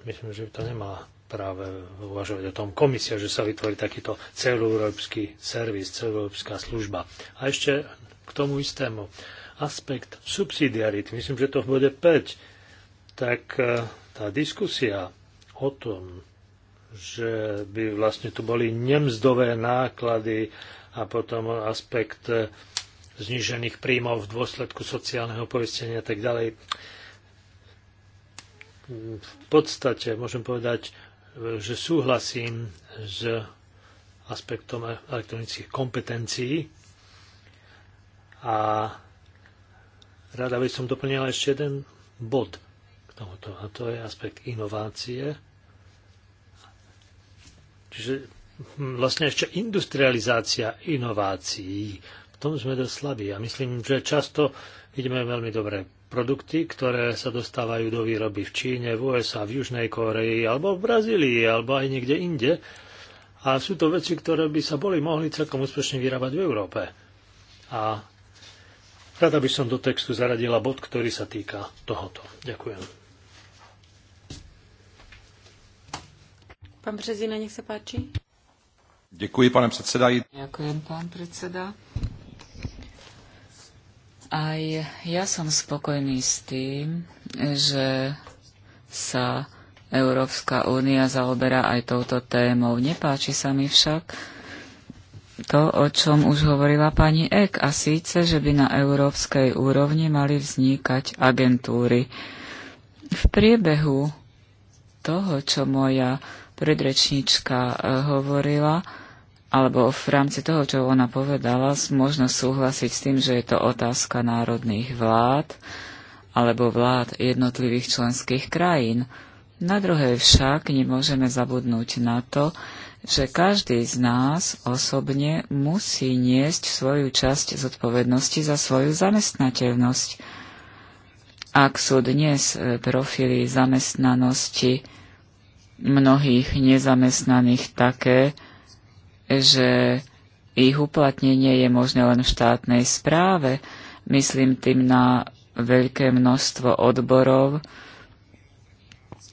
Myslím, že by to nemala práve uvažovať o tom komisia, že sa vytvorí takýto celoeurópsky servis, celoeurópska služba. A ešte k tomu istému. Aspekt subsidiarity, myslím, že to v bode 5, tak e, tá diskusia o tom, že by vlastne tu boli nemzdové náklady a potom aspekt e, znížených príjmov v dôsledku sociálneho poistenia a tak ďalej. V podstate môžem povedať, že súhlasím s aspektom elektronických kompetencií a rada by som doplnila ešte jeden bod k tomuto a to je aspekt inovácie. Čiže hm, vlastne ešte industrializácia inovácií. V tom sme dosť slabí a myslím, že často ideme veľmi dobre produkty, ktoré sa dostávajú do výroby v Číne, v USA, v Južnej Koreji alebo v Brazílii alebo aj niekde inde. A sú to veci, ktoré by sa boli mohli celkom úspešne vyrábať v Európe. A rada by som do textu zaradila bod, ktorý sa týka tohoto. Ďakujem. Pán Březina, nech sa páči. Ďakujem, pane predsedaj. Ďakujem, pán predseda. Aj ja som spokojný s tým, že sa Európska únia zaoberá aj touto témou. Nepáči sa mi však to, o čom už hovorila pani Ek, a síce, že by na európskej úrovni mali vznikať agentúry. V priebehu toho, čo moja predrečníčka eh, hovorila, alebo v rámci toho, čo ona povedala, možno súhlasiť s tým, že je to otázka národných vlád alebo vlád jednotlivých členských krajín. Na druhé však nemôžeme zabudnúť na to, že každý z nás osobne musí niesť svoju časť zodpovednosti za svoju zamestnateľnosť. Ak sú dnes e, profily zamestnanosti mnohých nezamestnaných také, že ich uplatnenie je možné len v štátnej správe. Myslím tým na veľké množstvo odborov,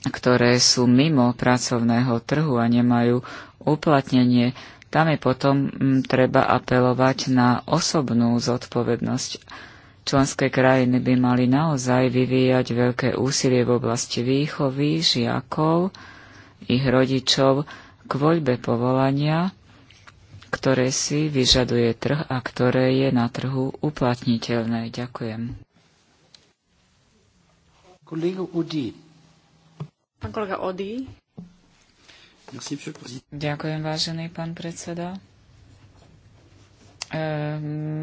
ktoré sú mimo pracovného trhu a nemajú uplatnenie. Tam je potom mm, treba apelovať na osobnú zodpovednosť. Členské krajiny by mali naozaj vyvíjať veľké úsilie v oblasti výchovy, žiakov, ich rodičov k voľbe povolania ktoré si vyžaduje trh a ktoré je na trhu uplatniteľné. Ďakujem. Kolega Pán kolega Odi. Ďakujem, vážený pán predseda. E,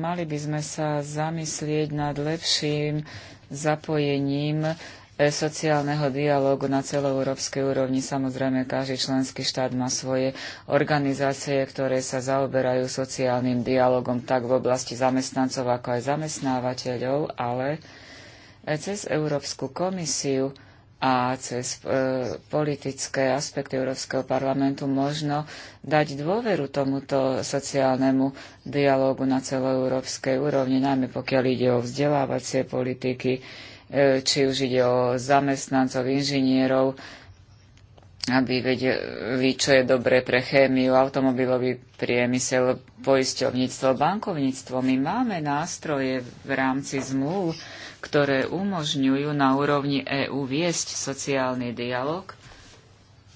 mali by sme sa zamyslieť nad lepším zapojením E, sociálneho dialógu na celoeurópskej úrovni. Samozrejme, každý členský štát má svoje organizácie, ktoré sa zaoberajú sociálnym dialogom tak v oblasti zamestnancov, ako aj zamestnávateľov, ale e, cez Európsku komisiu a cez e, politické aspekty Európskeho parlamentu možno dať dôveru tomuto sociálnemu dialógu na celoeurópskej úrovni, najmä pokiaľ ide o vzdelávacie politiky, E, či už ide o zamestnancov, inžinierov, aby vedeli, čo je dobré pre chémiu, automobilový priemysel, poisťovníctvo, bankovníctvo. My máme nástroje v rámci zmluv, ktoré umožňujú na úrovni EÚ viesť sociálny dialog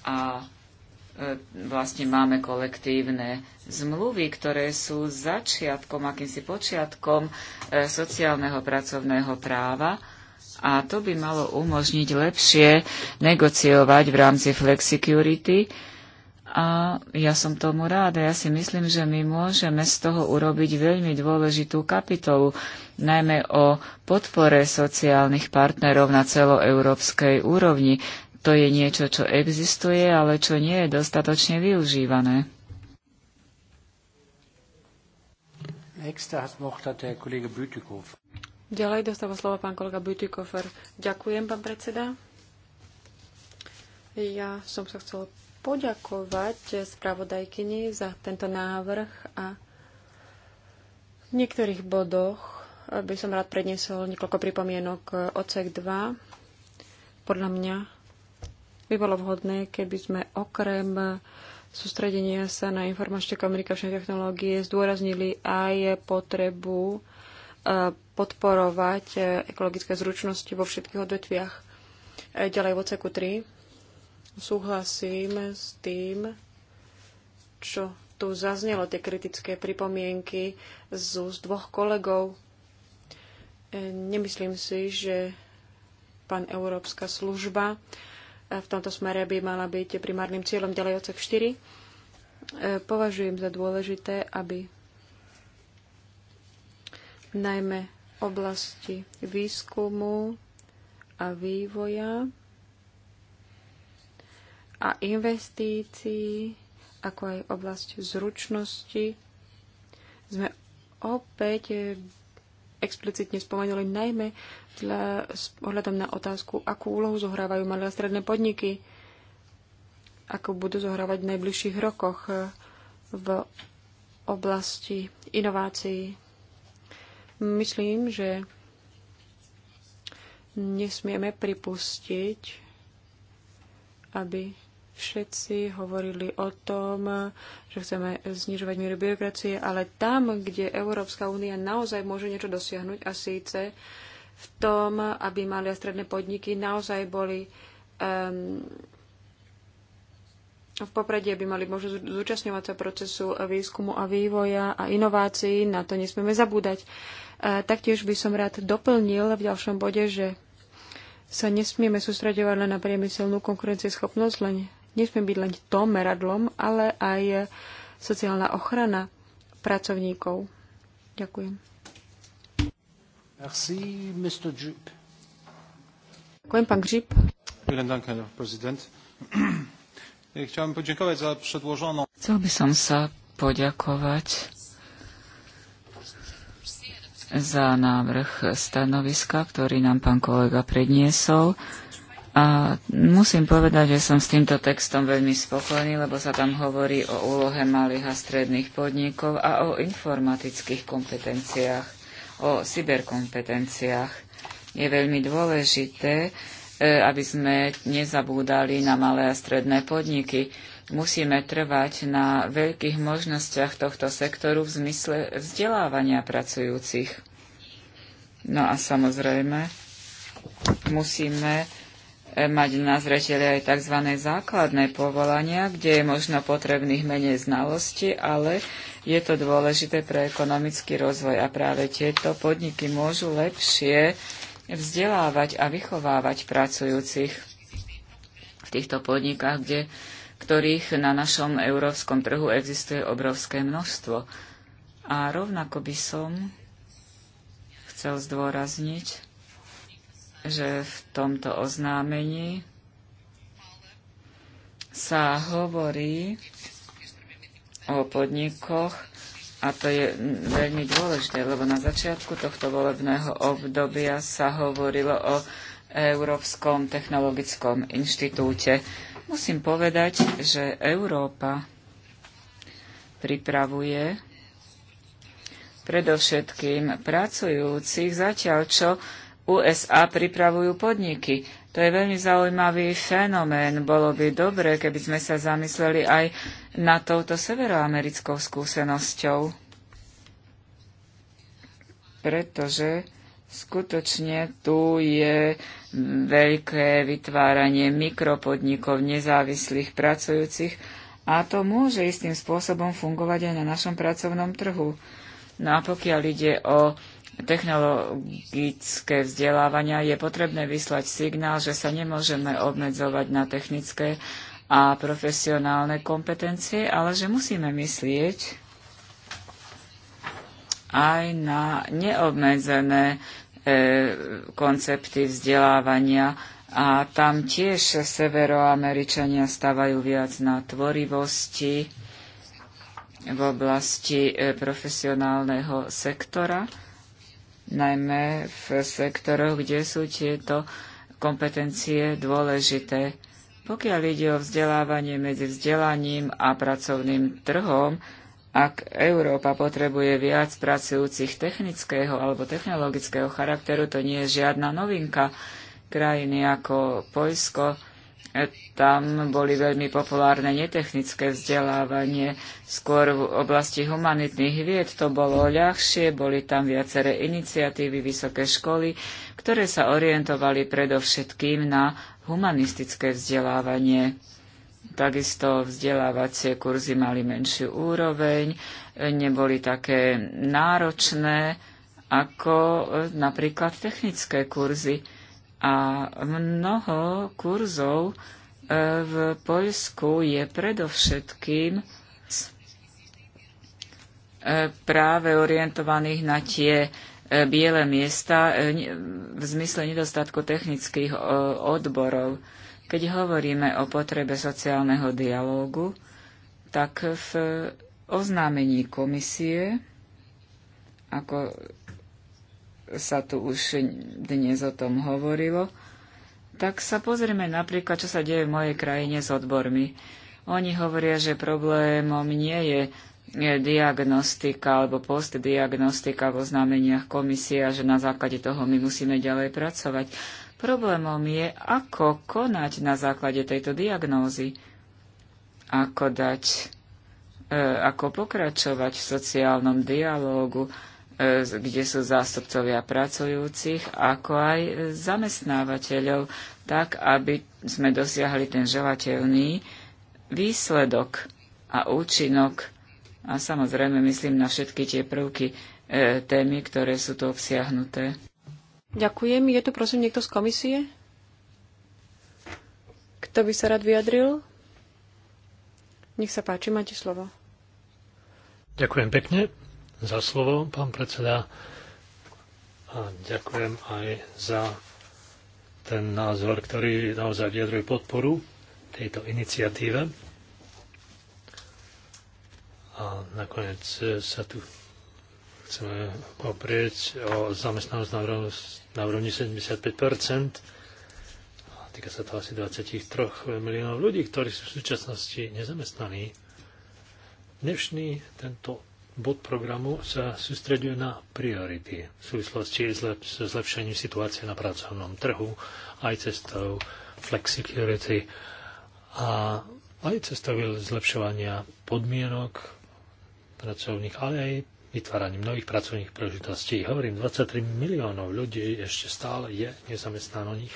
a e, vlastne máme kolektívne zmluvy, ktoré sú začiatkom, akýmsi počiatkom e, sociálneho pracovného práva a to by malo umožniť lepšie negociovať v rámci flexicurity. A ja som tomu ráda. Ja si myslím, že my môžeme z toho urobiť veľmi dôležitú kapitolu, najmä o podpore sociálnych partnerov na celoeurópskej úrovni. To je niečo, čo existuje, ale čo nie je dostatočne využívané. Ďalej dostáva slovo pán kolega Butikofer. Ďakujem, pán predseda. Ja som sa chcela poďakovať spravodajkyni za tento návrh a v niektorých bodoch by som rád predniesol niekoľko pripomienok odsek 2. Podľa mňa by bolo vhodné, keby sme okrem sústredenia sa na informačné komunikačné technológie zdôraznili aj potrebu podporovať e, ekologické zručnosti vo všetkých odvetviach. E, ďalej v oceku 3 súhlasím s tým, čo tu zaznelo, tie kritické pripomienky z dvoch kolegov. E, nemyslím si, že pán Európska služba v tomto smere by mala byť primárnym cieľom ďalej ocek 4. Považujem za dôležité, aby najmä oblasti výskumu a vývoja a investícií, ako aj oblasti zručnosti, sme opäť explicitne spomenuli najmä dla, s ohľadom na otázku, akú úlohu zohrávajú malé a stredné podniky, ako budú zohrávať v najbližších rokoch v oblasti inovácií Myslím, že nesmieme pripustiť, aby všetci hovorili o tom, že chceme znižovať mieru byrokracie, ale tam, kde Európska únia naozaj môže niečo dosiahnuť a síce v tom, aby malé a stredné podniky naozaj boli um, v popredí, aby mali možnosť zúčastňovať sa procesu výskumu a vývoja a inovácií, na to nesmieme zabúdať. Uh, a taktiež by som rád doplnil v ďalšom bode, že sa nesmieme sústredovať len na priemyselnú konkurencieschopnosť, len nesmie byť len to meradlom, ale aj sociálna ochrana pracovníkov. Ďakujem. Merci, Mr. Jupp. Ďakujem, pán Grzyb. Chcel by som sa poďakovať za návrh stanoviska, ktorý nám pán kolega predniesol. A musím povedať, že som s týmto textom veľmi spokojný, lebo sa tam hovorí o úlohe malých a stredných podnikov a o informatických kompetenciách, o cyberkompetenciách. Je veľmi dôležité, e, aby sme nezabúdali na malé a stredné podniky. Musíme trvať na veľkých možnostiach tohto sektoru v zmysle vzdelávania pracujúcich. No a samozrejme, musíme e, mať na zreteli aj tzv. základné povolania, kde je možno potrebných menej znalosti, ale je to dôležité pre ekonomický rozvoj a práve tieto podniky môžu lepšie vzdelávať a vychovávať pracujúcich v týchto podnikách, kde ktorých na našom európskom trhu existuje obrovské množstvo. A rovnako by som chcel zdôrazniť, že v tomto oznámení sa hovorí o podnikoch, a to je veľmi dôležité, lebo na začiatku tohto volebného obdobia sa hovorilo o Európskom technologickom inštitúte. Musím povedať, že Európa pripravuje predovšetkým pracujúcich, zatiaľ čo USA pripravujú podniky. To je veľmi zaujímavý fenomén. Bolo by dobre, keby sme sa zamysleli aj na touto severoamerickou skúsenosťou. Pretože skutočne tu je veľké vytváranie mikropodnikov nezávislých pracujúcich a to môže istým spôsobom fungovať aj na našom pracovnom trhu. No a pokiaľ ide o technologické vzdelávania, je potrebné vyslať signál, že sa nemôžeme obmedzovať na technické a profesionálne kompetencie, ale že musíme myslieť aj na neobmedzené E, koncepty vzdelávania a tam tiež severoameričania stávajú viac na tvorivosti v oblasti e, profesionálneho sektora, najmä v sektoroch, kde sú tieto kompetencie dôležité. Pokiaľ ide o vzdelávanie medzi vzdelaním a pracovným trhom, ak Európa potrebuje viac pracujúcich technického alebo technologického charakteru, to nie je žiadna novinka. Krajiny ako Poľsko, e, tam boli veľmi populárne netechnické vzdelávanie, skôr v oblasti humanitných vied to bolo ľahšie, boli tam viaceré iniciatívy, vysoké školy, ktoré sa orientovali predovšetkým na humanistické vzdelávanie. Takisto vzdelávacie kurzy mali menšiu úroveň, neboli také náročné ako e, napríklad technické kurzy. A mnoho kurzov e, v Poľsku je predovšetkým e, práve orientovaných na tie biele miesta v zmysle nedostatku technických odborov. Keď hovoríme o potrebe sociálneho dialógu, tak v oznámení komisie, ako sa tu už dnes o tom hovorilo, tak sa pozrieme napríklad, čo sa deje v mojej krajine s odbormi. Oni hovoria, že problémom nie je diagnostika alebo postdiagnostika v oznámeniach komisie a že na základe toho my musíme ďalej pracovať. Problémom je, ako konať na základe tejto diagnózy, ako dať, e, ako pokračovať v sociálnom dialógu, e, kde sú zástupcovia pracujúcich, ako aj zamestnávateľov, tak aby sme dosiahli ten želateľný výsledok a účinok. A samozrejme myslím na všetky tie prvky e, témy, ktoré sú tu obsiahnuté. Ďakujem. Je tu prosím niekto z komisie? Kto by sa rád vyjadril? Nech sa páči, máte slovo. Ďakujem pekne za slovo, pán predseda. A ďakujem aj za ten názor, ktorý naozaj vyjadruje podporu tejto iniciatíve. A nakoniec sa tu chceme oprieť o zamestnanosť na úrovni 75 Týka sa to asi 23 miliónov ľudí, ktorí sú v súčasnosti nezamestnaní. Dnešný tento bod programu sa sústreduje na priority v súvislosti s zlepšením situácie na pracovnom trhu aj cestou flexicurity a aj cestou zlepšovania podmienok pracovných, ale aj vytváraním nových pracovných príležitostí. Hovorím, 23 miliónov ľudí ešte stále je nezamestnaných.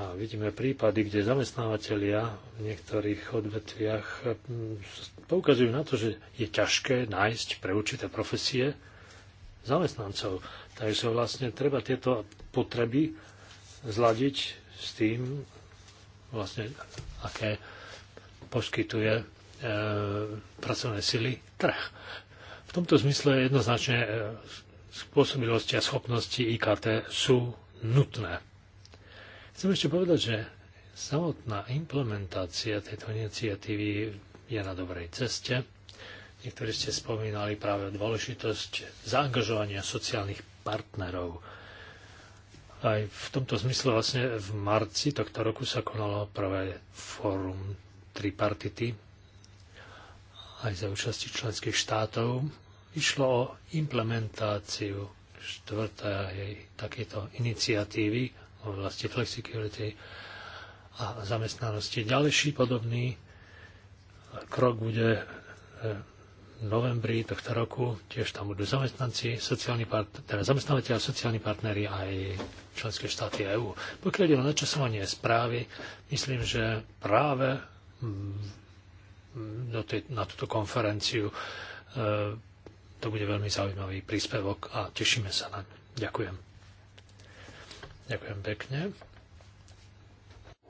A vidíme prípady, kde zamestnávateľia v niektorých odvetviach mm, poukazujú na to, že je ťažké nájsť pre určité profesie zamestnancov. Takže vlastne treba tieto potreby zladiť s tým, vlastne, aké poskytuje e, pracovné sily trh. V tomto zmysle jednoznačne e, spôsobilosti a schopnosti IKT sú nutné. Chcem ešte povedať, že samotná implementácia tejto iniciatívy je na dobrej ceste. Niektorí ste spomínali práve dôležitosť zaangažovania sociálnych partnerov. Aj v tomto zmysle vlastne v marci tohto roku sa konalo prvé fórum tripartity aj za účasti členských štátov. Išlo o implementáciu štvrtej takéto iniciatívy v oblasti flexicurity a zamestnanosti. Ďalší podobný krok bude v novembri tohto roku. Tiež tam budú zamestnanci, sociálni part- teda zamestnávateľ, sociálni partnery a aj členské štáty EÚ. Pokiaľ ide o načasovanie správy, myslím, že práve Mm, do tej, na túto konferenciu. E, to bude veľmi zaujímavý príspevok a tešíme sa na Ďakujem. Ďakujem pekne.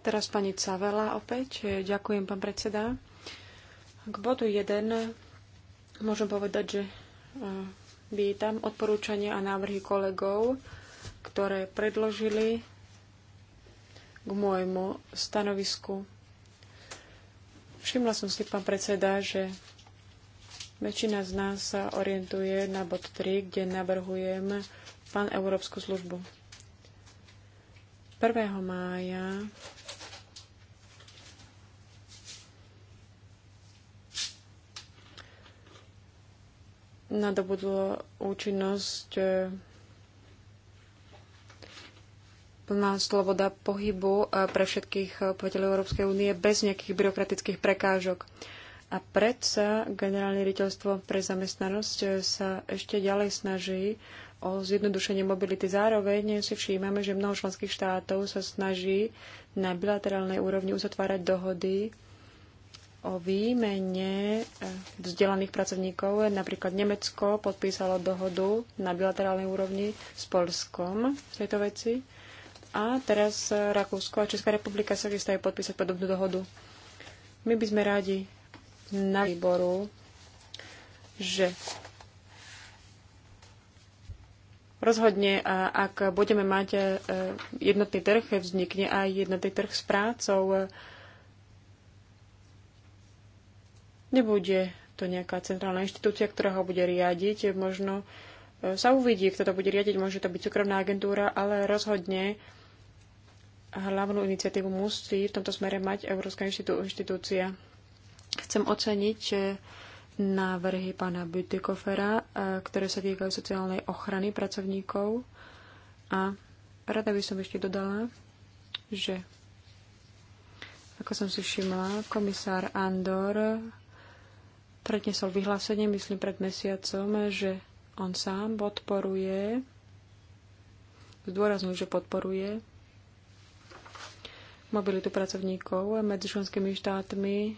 Teraz pani Cavela opäť. Ďakujem, pán predseda. K bodu 1 môžem povedať, že e, vítam odporúčania a návrhy kolegov, ktoré predložili k môjmu stanovisku Všimla som si, pán predseda, že väčšina z nás sa orientuje na bod 3, kde navrhujem pán Európsku službu. 1. mája nadobudlo účinnosť eh, plná sloboda pohybu e, pre všetkých e, obyvateľov Európskej únie bez nejakých byrokratických prekážok. A predsa generálne riteľstvo pre zamestnanosť e, sa ešte ďalej snaží o zjednodušenie mobility. Zároveň si všímame, že mnoho členských štátov sa snaží na bilaterálnej úrovni uzatvárať dohody o výmene vzdelaných pracovníkov. Napríklad Nemecko podpísalo dohodu na bilaterálnej úrovni s Polskom v tejto veci a teraz Rakúsko a Česká republika sa chystajú podpísať podobnú dohodu. My by sme rádi na výboru, že rozhodne, ak budeme mať e, jednotný trh, vznikne aj jednotný trh s prácou. Nebude to nejaká centrálna inštitúcia, ktorá ho bude riadiť. Možno e, sa uvidí, kto to bude riadiť. Môže to byť súkromná agentúra, ale rozhodne hlavnú iniciatívu musí v tomto smere mať Európska inštitú- inštitúcia. Chcem oceniť eh, návrhy pána Bütikofera, eh, ktoré sa týkajú sociálnej ochrany pracovníkov. A rada by som ešte dodala, že ako som si všimla, komisár Andor prednesol vyhlásenie, myslím, pred mesiacom, že on sám podporuje, zdôrazňujú, že podporuje mobilitu pracovníkov medzi členskými štátmi,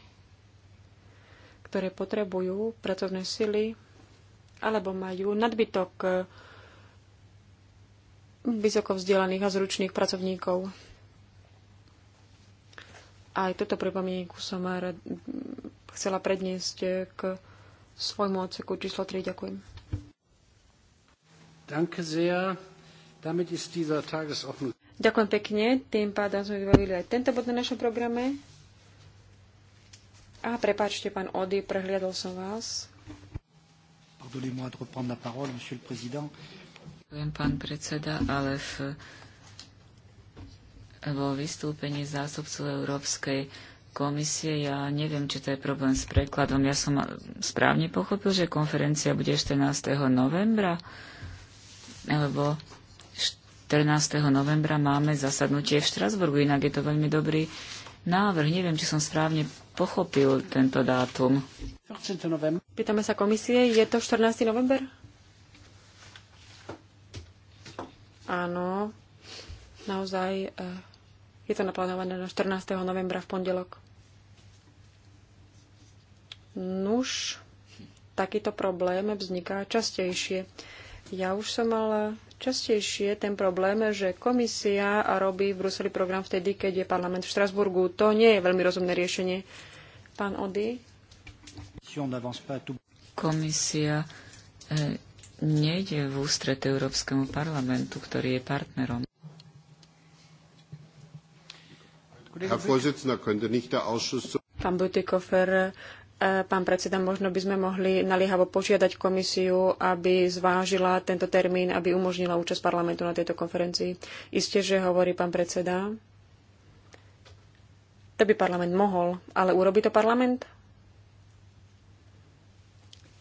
ktoré potrebujú pracovné sily alebo majú nadbytok eh, vysoko vzdelaných a zručných pracovníkov. Aj toto pripomienku som chcela predniesť eh, k svojmu odseku číslo 3. Ďakujem. Danke sehr. Damit ist dieser Tagesordnung Ďakujem pekne. Tým pádom sme vyvolili aj tento bod na našom programe. A prepáčte, pán Ody, prehliadol som vás. Ďakujem, pán predseda, ale v, vo vystúpení zástupcu Európskej komisie, ja neviem, či to je problém s prekladom. Ja som správne pochopil, že konferencia bude 14. novembra, lebo 14. novembra máme zasadnutie v Štrasburgu, inak je to veľmi dobrý návrh. Neviem, či som správne pochopil tento dátum. Pýtame sa komisie, je to 14. november? Áno, naozaj eh, je to naplánované na 14. novembra v pondelok. Nuž, takýto problém vzniká častejšie. Ja už som mala. Častejšie ten problém, že komisia robí v Bruseli program vtedy, keď je parlament v Štrasburgu. To nie je veľmi rozumné riešenie. Pán Ody? Komisia e, nejde v ústret Európskemu parlamentu, ktorý je partnerom. Pán Bojtekofer, E, pán predseda, možno by sme mohli naliehavo požiadať komisiu, aby zvážila tento termín, aby umožnila účasť parlamentu na tejto konferencii. Isté, že hovorí pán predseda. To by parlament mohol, ale urobí to parlament?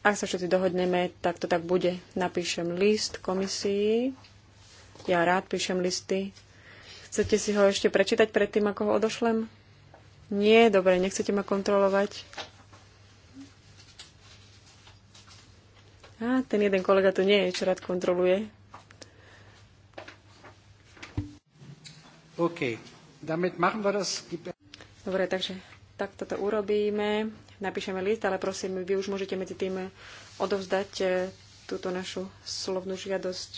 Ak sa všetci dohodneme, tak to tak bude. Napíšem list komisii. Ja rád píšem listy. Chcete si ho ešte prečítať predtým, ako ho odošlem? Nie, dobre, nechcete ma kontrolovať. A ten jeden kolega tu nie je, čo rád kontroluje. OK. Damit machen wir das. Dobre, takže takto to urobíme. Napíšeme list, ale prosím, vy už môžete medzi tým odovzdať e, túto našu slovnú žiadosť.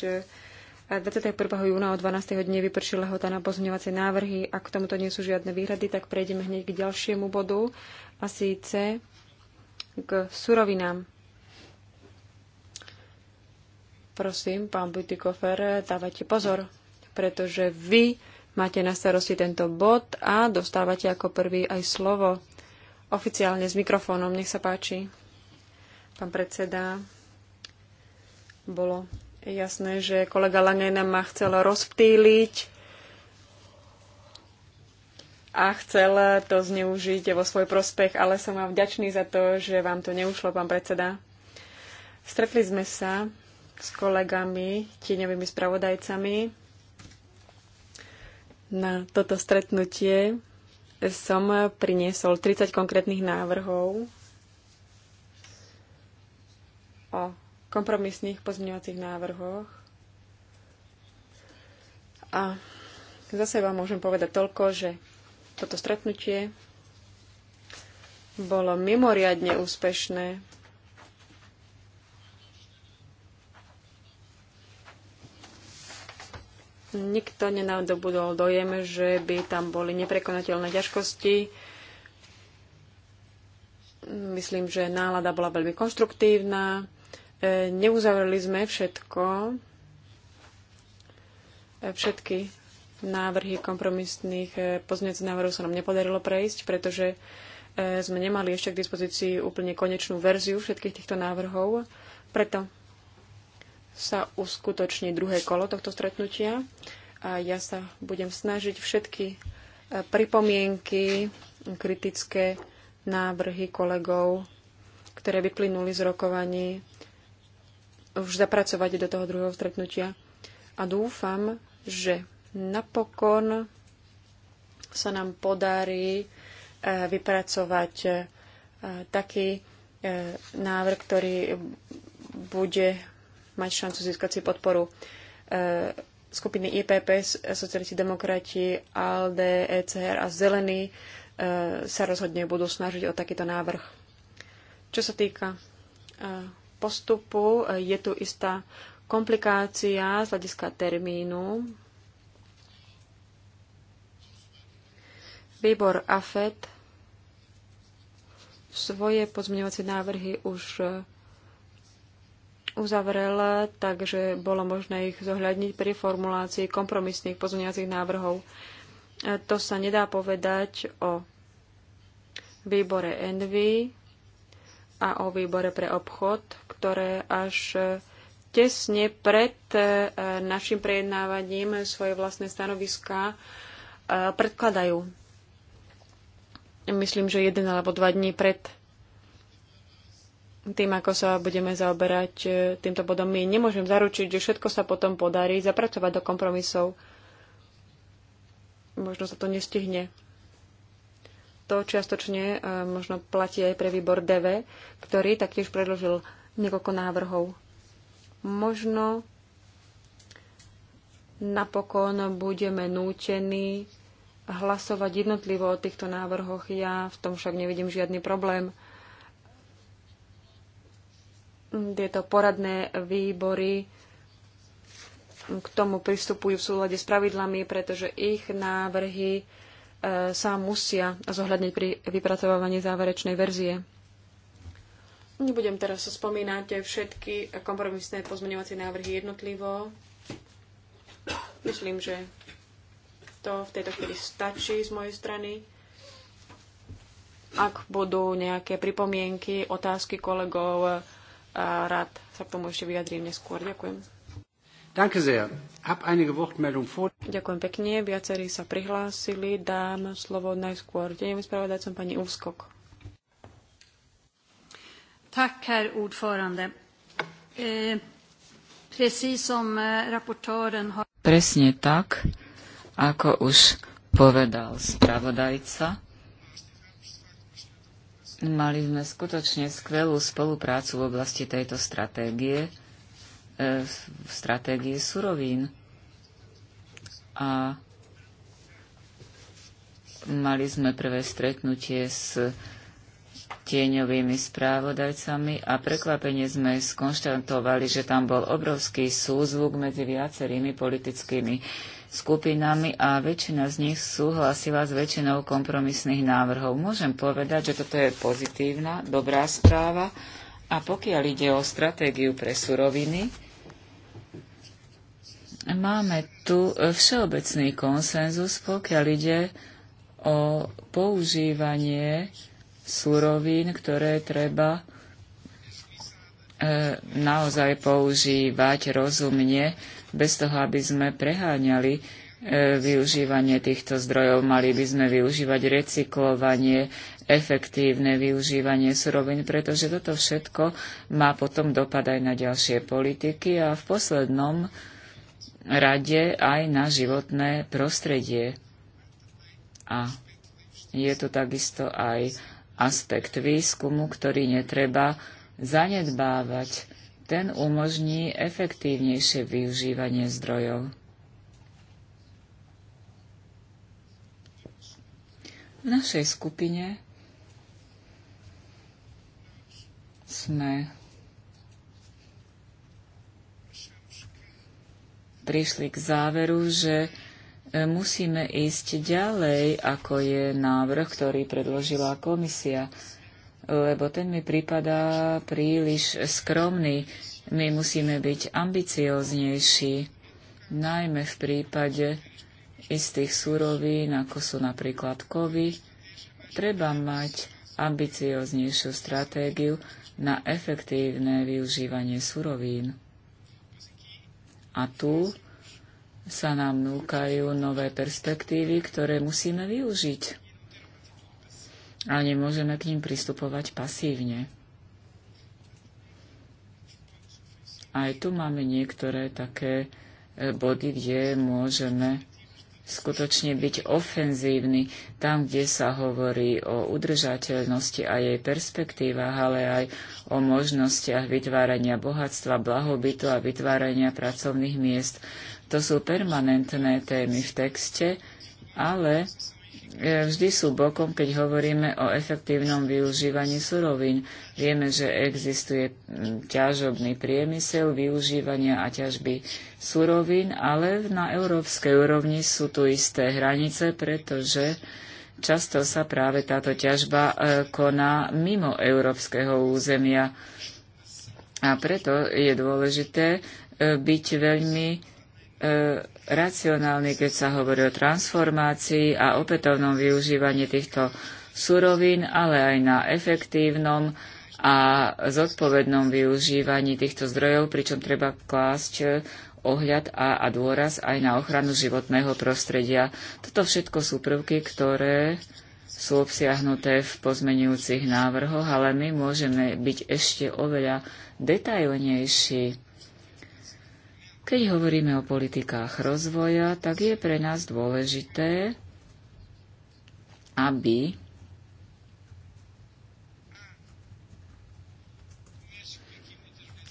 21. E, júna o 12. hodine vypršila lehota na pozmeňovacie návrhy. Ak k tomuto nie sú žiadne výhrady, tak prejdeme hneď k ďalšiemu bodu a síce k surovinám. Prosím, pán Butikofer, dávajte pozor, pretože vy máte na starosti tento bod a dostávate ako prvý aj slovo oficiálne s mikrofónom. Nech sa páči. Pán predseda, bolo jasné, že kolega Langen ma chcel rozptýliť a chcel to zneužiť vo svoj prospech, ale som vám vďačný za to, že vám to neušlo, pán predseda. Stretli sme sa s kolegami, tieňovými spravodajcami na toto stretnutie som priniesol 30 konkrétnych návrhov o kompromisných pozmeňovacích návrhoch. A zase vám môžem povedať toľko, že toto stretnutie bolo mimoriadne úspešné nikto nenadobudol dojem, že by tam boli neprekonateľné ťažkosti. Myslím, že nálada bola veľmi konštruktívna. E, neuzavreli sme všetko, e, všetky návrhy kompromisných e, pozmeňujúcich návrhov sa nám nepodarilo prejsť, pretože sme nemali ešte k dispozícii úplne konečnú verziu všetkých týchto návrhov. Preto sa uskutoční druhé kolo tohto stretnutia a ja sa budem snažiť všetky e, pripomienky, kritické návrhy kolegov, ktoré vyplynuli z rokovaní, už zapracovať do toho druhého stretnutia. A dúfam, že napokon sa nám podarí e, vypracovať e, taký návrh, ktorý bude mať šancu získať si podporu. Eh, skupiny IPP, socialisti demokrati, ALDE, ECR a Zelení eh, sa rozhodne budú snažiť o takýto návrh. Čo sa týka eh, postupu, je tu istá komplikácia z hľadiska termínu. Výbor AFED svoje pozmeňovacie návrhy už uzavrel, takže bolo možné ich zohľadniť pri formulácii kompromisných pozuniacich návrhov. To sa nedá povedať o výbore Envy a o výbore pre obchod, ktoré až tesne pred e, našim prejednávaním svoje vlastné stanoviská e, predkladajú. Myslím, že jeden alebo dva dní pred tým, ako sa budeme zaoberať e, týmto bodom, my nemôžem zaručiť, že všetko sa potom podarí zapracovať do kompromisov. Možno sa to nestihne. To čiastočne e, možno platí aj pre výbor DV, ktorý taktiež predložil niekoľko návrhov. Možno napokon budeme nútení hlasovať jednotlivo o týchto návrhoch. Ja v tom však nevidím žiadny problém tieto poradné výbory k tomu pristupujú v súlade s pravidlami, pretože ich návrhy e, sa musia zohľadniť pri vypracovávaní záverečnej verzie. Nebudem teraz spomínať všetky kompromisné pozmeňovacie návrhy jednotlivo. Myslím, že to v tejto chvíli stačí z mojej strany. Ak budú nejaké pripomienky, otázky kolegov, rád sa k tomu ešte vyjadrím neskôr. Ďakujem. Ďakujem pekne. Viacerí sa prihlásili. Dám slovo najskôr Deňujem spravodajcom pani Úskok. Tak, herr ordförande. E, Presne tak, ako už povedal spravodajca, Mali sme skutočne skvelú spoluprácu v oblasti tejto stratégie, e, v stratégii surovín. A mali sme prvé stretnutie s tieňovými správodajcami a prekvapenie sme skonštantovali, že tam bol obrovský súzvuk medzi viacerými politickými skupinami a väčšina z nich súhlasila s väčšinou kompromisných návrhov. Môžem povedať, že toto je pozitívna, dobrá správa a pokiaľ ide o stratégiu pre suroviny, máme tu všeobecný konsenzus, pokiaľ ide o používanie surovín, ktoré treba e, naozaj používať rozumne bez toho, aby sme preháňali e, využívanie týchto zdrojov. Mali by sme využívať recyklovanie, efektívne využívanie surovín, pretože toto všetko má potom dopad aj na ďalšie politiky a v poslednom rade aj na životné prostredie. A je to takisto aj aspekt výskumu, ktorý netreba zanedbávať. Ten umožní efektívnejšie využívanie zdrojov. V našej skupine sme prišli k záveru, že e, musíme ísť ďalej, ako je návrh, ktorý predložila komisia lebo ten mi pripadá príliš skromný. My musíme byť ambicioznejší, najmä v prípade istých surovín, ako sú napríklad kovy. Treba mať ambicioznejšiu stratégiu na efektívne využívanie surovín. A tu sa nám núkajú nové perspektívy, ktoré musíme využiť. A nemôžeme k ním pristupovať pasívne. Aj tu máme niektoré také e, body, kde môžeme skutočne byť ofenzívny tam, kde sa hovorí o udržateľnosti a jej perspektívach, ale aj o možnostiach vytvárania bohatstva, blahobytu a vytvárania pracovných miest. To sú permanentné témy v texte, ale E, vždy sú bokom, keď hovoríme o efektívnom využívaní surovín. Vieme, že existuje ťažobný priemysel využívania a ťažby surovín, ale na európskej úrovni sú tu isté hranice, pretože často sa práve táto ťažba e, koná mimo európskeho územia. A preto je dôležité e, byť veľmi E, racionálny, keď sa hovorí o transformácii a opätovnom využívaní týchto surovín, ale aj na efektívnom a zodpovednom využívaní týchto zdrojov, pričom treba klásť e, ohľad a, a dôraz aj na ochranu životného prostredia. Toto všetko sú prvky, ktoré sú obsiahnuté v pozmenujúcich návrhoch, ale my môžeme byť ešte oveľa detailnejší keď hovoríme o politikách rozvoja, tak je pre nás dôležité, aby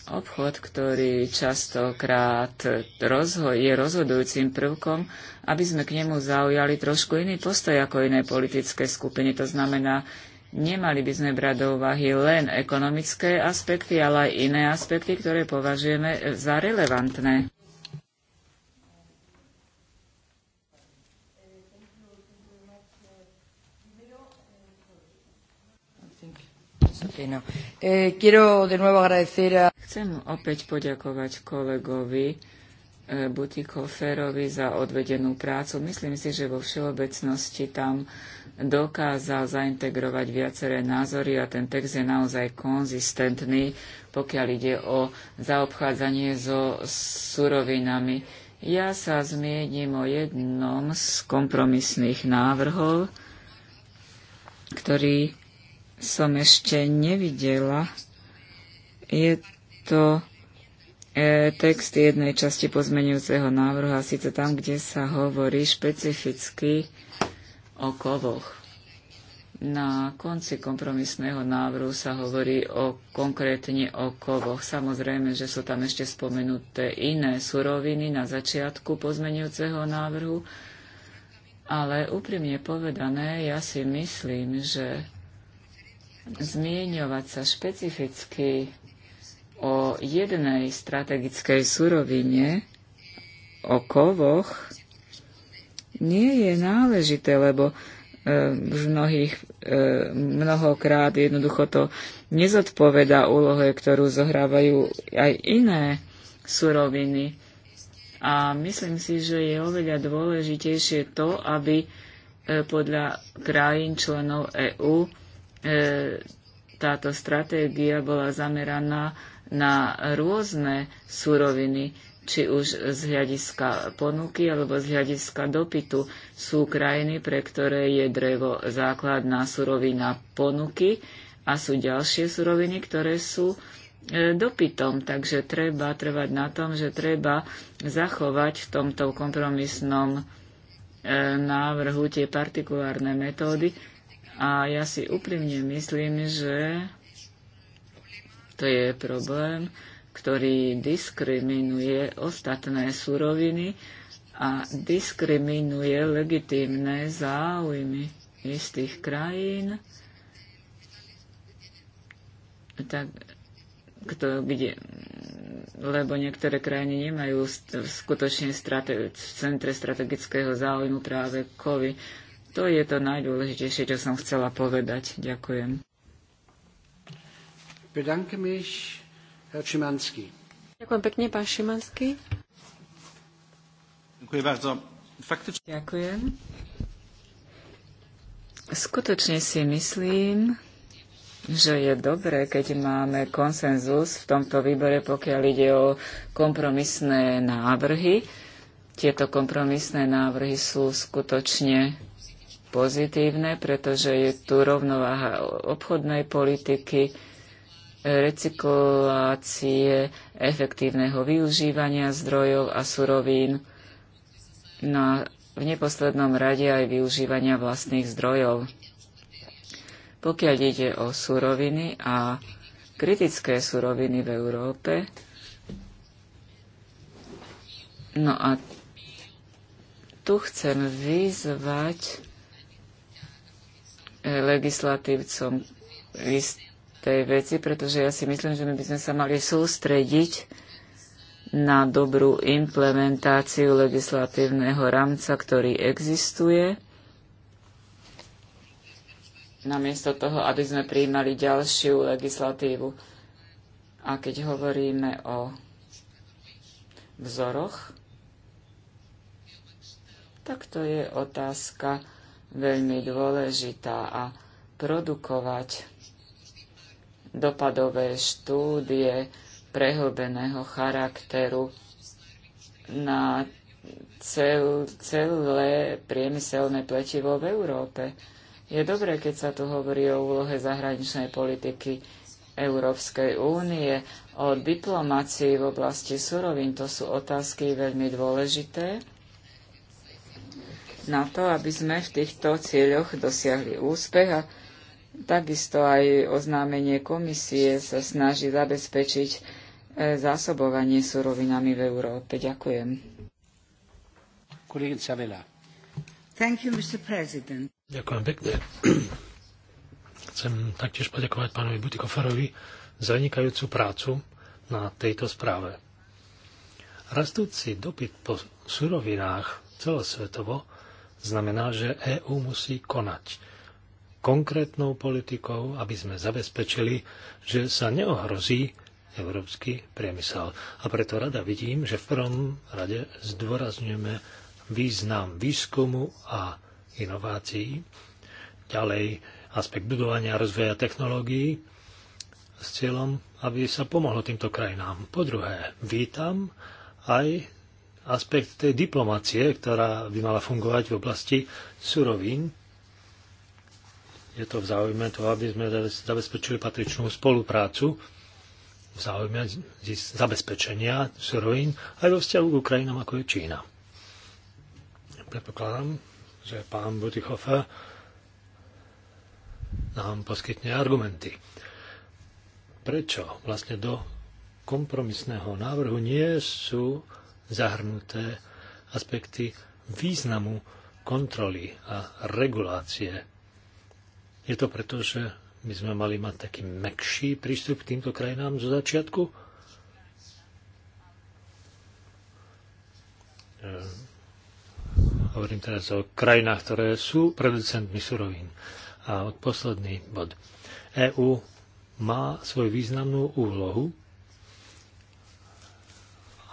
obchod, ktorý častokrát rozho- je rozhodujúcim prvkom, aby sme k nemu zaujali trošku iný postoj ako iné politické skupiny. To znamená, Nemali by sme brať do úvahy len ekonomické aspekty, ale aj iné aspekty, ktoré považujeme za relevantné. Chcem opäť poďakovať kolegovi eh, Butikoferovi za odvedenú prácu. Myslím si, že vo všeobecnosti tam dokázal zaintegrovať viaceré názory a ten text je naozaj konzistentný, pokiaľ ide o zaobchádzanie so surovinami. Ja sa zmiením o jednom z kompromisných návrhov, ktorý som ešte nevidela. Je to e, text jednej časti pozmenujúceho návrhu a síce tam, kde sa hovorí špecificky o kovoch. Na konci kompromisného návrhu sa hovorí o, konkrétne o kovoch. Samozrejme, že sú tam ešte spomenuté iné suroviny na začiatku pozmenujúceho návrhu, ale úprimne povedané, ja si myslím, že zmieňovať sa špecificky o jednej strategickej surovine, o kovoch, nie je náležité, lebo e, v mnohých, e, mnohokrát jednoducho to nezodpoveda úlohe, ktorú zohrávajú aj iné suroviny. A myslím si, že je oveľa dôležitejšie to, aby e, podľa krajín členov EÚ táto stratégia bola zameraná na rôzne suroviny či už z hľadiska ponuky alebo z hľadiska dopytu. Sú krajiny, pre ktoré je drevo základná surovina ponuky a sú ďalšie suroviny, ktoré sú e, dopytom. Takže treba trvať na tom, že treba zachovať v tomto kompromisnom e, návrhu tie partikulárne metódy. A ja si úprimne myslím, že to je problém, ktorý diskriminuje ostatné suroviny a diskriminuje legitímne záujmy istých krajín, tak, kto, kde, lebo niektoré krajiny nemajú st- skutočne strate- v centre strategického záujmu práve kovy. To je to najdôležitejšie, čo som chcela povedať. Ďakujem. Bedanke mich Šimanský. Ďakujem pekne, pán Šimanský. Ďakujem bardzo. Ďakujem. Skutočne si myslím, že je dobré, keď máme konsenzus v tomto výbore, pokiaľ ide o kompromisné návrhy. Tieto kompromisné návrhy sú skutočne pozitívne, pretože je tu rovnováha obchodnej politiky, recyklácie, efektívneho využívania zdrojov a surovín, no a v neposlednom rade aj využívania vlastných zdrojov. Pokiaľ ide o suroviny a kritické suroviny v Európe, no a tu chcem vyzvať legislatívcom list tej veci, pretože ja si myslím, že my by sme sa mali sústrediť na dobrú implementáciu legislatívneho rámca, ktorý existuje, namiesto toho, aby sme prijímali ďalšiu legislatívu. A keď hovoríme o vzoroch, tak to je otázka veľmi dôležitá a produkovať dopadové štúdie prehlbeného charakteru na cel, celé priemyselné pletivo v Európe. Je dobré, keď sa tu hovorí o úlohe zahraničnej politiky Európskej únie, o diplomácii v oblasti surovín. To sú otázky veľmi dôležité na to, aby sme v týchto cieľoch dosiahli úspech a Takisto aj oznámenie komisie sa snaží zabezpečiť e, zásobovanie surovinami v Európe. Ďakujem. You, Ďakujem pekne. Chcem taktiež poďakovať pánovi Butikoferovi za vynikajúcu prácu na tejto správe. Rastúci dopyt po surovinách celosvetovo znamená, že EÚ musí konať konkrétnou politikou, aby sme zabezpečili, že sa neohrozí európsky priemysel. A preto rada vidím, že v prvom rade zdôrazňujeme význam výskumu a inovácií, ďalej aspekt budovania a rozvoja technológií s cieľom, aby sa pomohlo týmto krajinám. Po druhé, vítam aj aspekt tej diplomacie, ktorá by mala fungovať v oblasti surovín je to v záujme toho, aby sme zabezpečili patričnú spoluprácu v záujme zabezpečenia surovín aj vo vzťahu k Ukrajinám, ako je Čína. Predpokladám, že pán Butichofer nám poskytne argumenty. Prečo vlastne do kompromisného návrhu nie sú zahrnuté aspekty významu kontroly a regulácie je to preto, že my sme mali mať taký mekší prístup k týmto krajinám zo začiatku? Hovorím teraz o krajinách, ktoré sú producentmi surovín. A posledný bod. EÚ má svoju významnú úlohu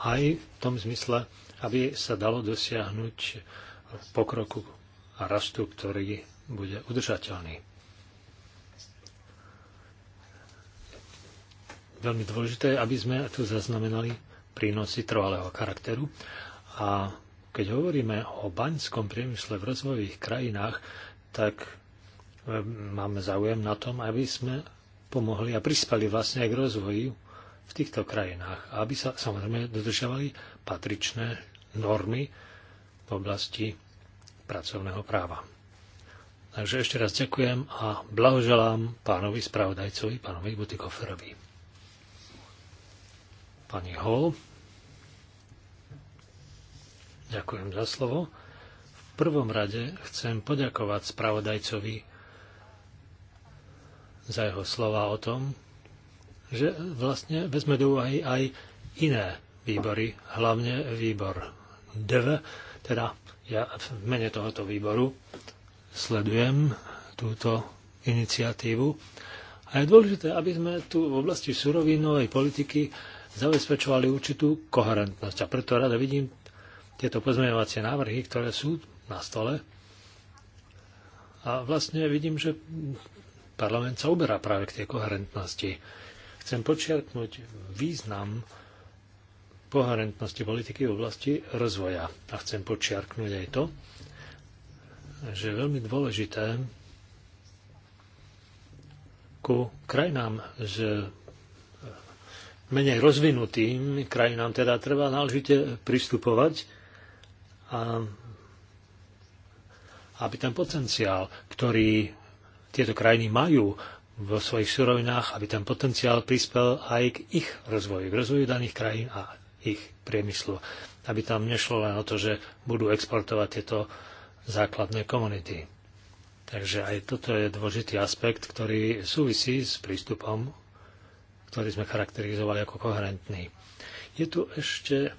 aj v tom zmysle, aby sa dalo dosiahnuť pokroku a rastu, ktorý bude udržateľný. veľmi dôležité, aby sme tu zaznamenali prínosy trvalého charakteru. A keď hovoríme o baňskom priemysle v rozvojových krajinách, tak e, máme záujem na tom, aby sme pomohli a prispali vlastne aj k rozvoju v týchto krajinách. Aby sa samozrejme dodržiavali patričné normy v oblasti pracovného práva. Takže ešte raz ďakujem a blahoželám pánovi spravodajcovi, pánovi Butikoferovi pani Hall. Ďakujem za slovo. V prvom rade chcem poďakovať spravodajcovi za jeho slova o tom, že vlastne vezme do úvahy aj iné výbory, hlavne výbor DV, teda ja v mene tohoto výboru sledujem túto iniciatívu. A je dôležité, aby sme tu v oblasti surovinovej politiky zabezpečovali určitú koherentnosť. A preto rada vidím tieto pozmeňovacie návrhy, ktoré sú na stole. A vlastne vidím, že parlament sa uberá práve k tej koherentnosti. Chcem počiarknúť význam koherentnosti politiky v oblasti rozvoja. A chcem počiarknúť aj to, že je veľmi dôležité ku krajinám s menej rozvinutým krajinám teda treba náležite pristupovať a aby ten potenciál, ktorý tieto krajiny majú vo svojich surovinách, aby ten potenciál prispel aj k ich rozvoju, k rozvoju daných krajín a ich priemyslu. Aby tam nešlo len o to, že budú exportovať tieto základné komunity. Takže aj toto je dôležitý aspekt, ktorý súvisí s prístupom ktorý sme charakterizovali ako koherentný. Je tu ešte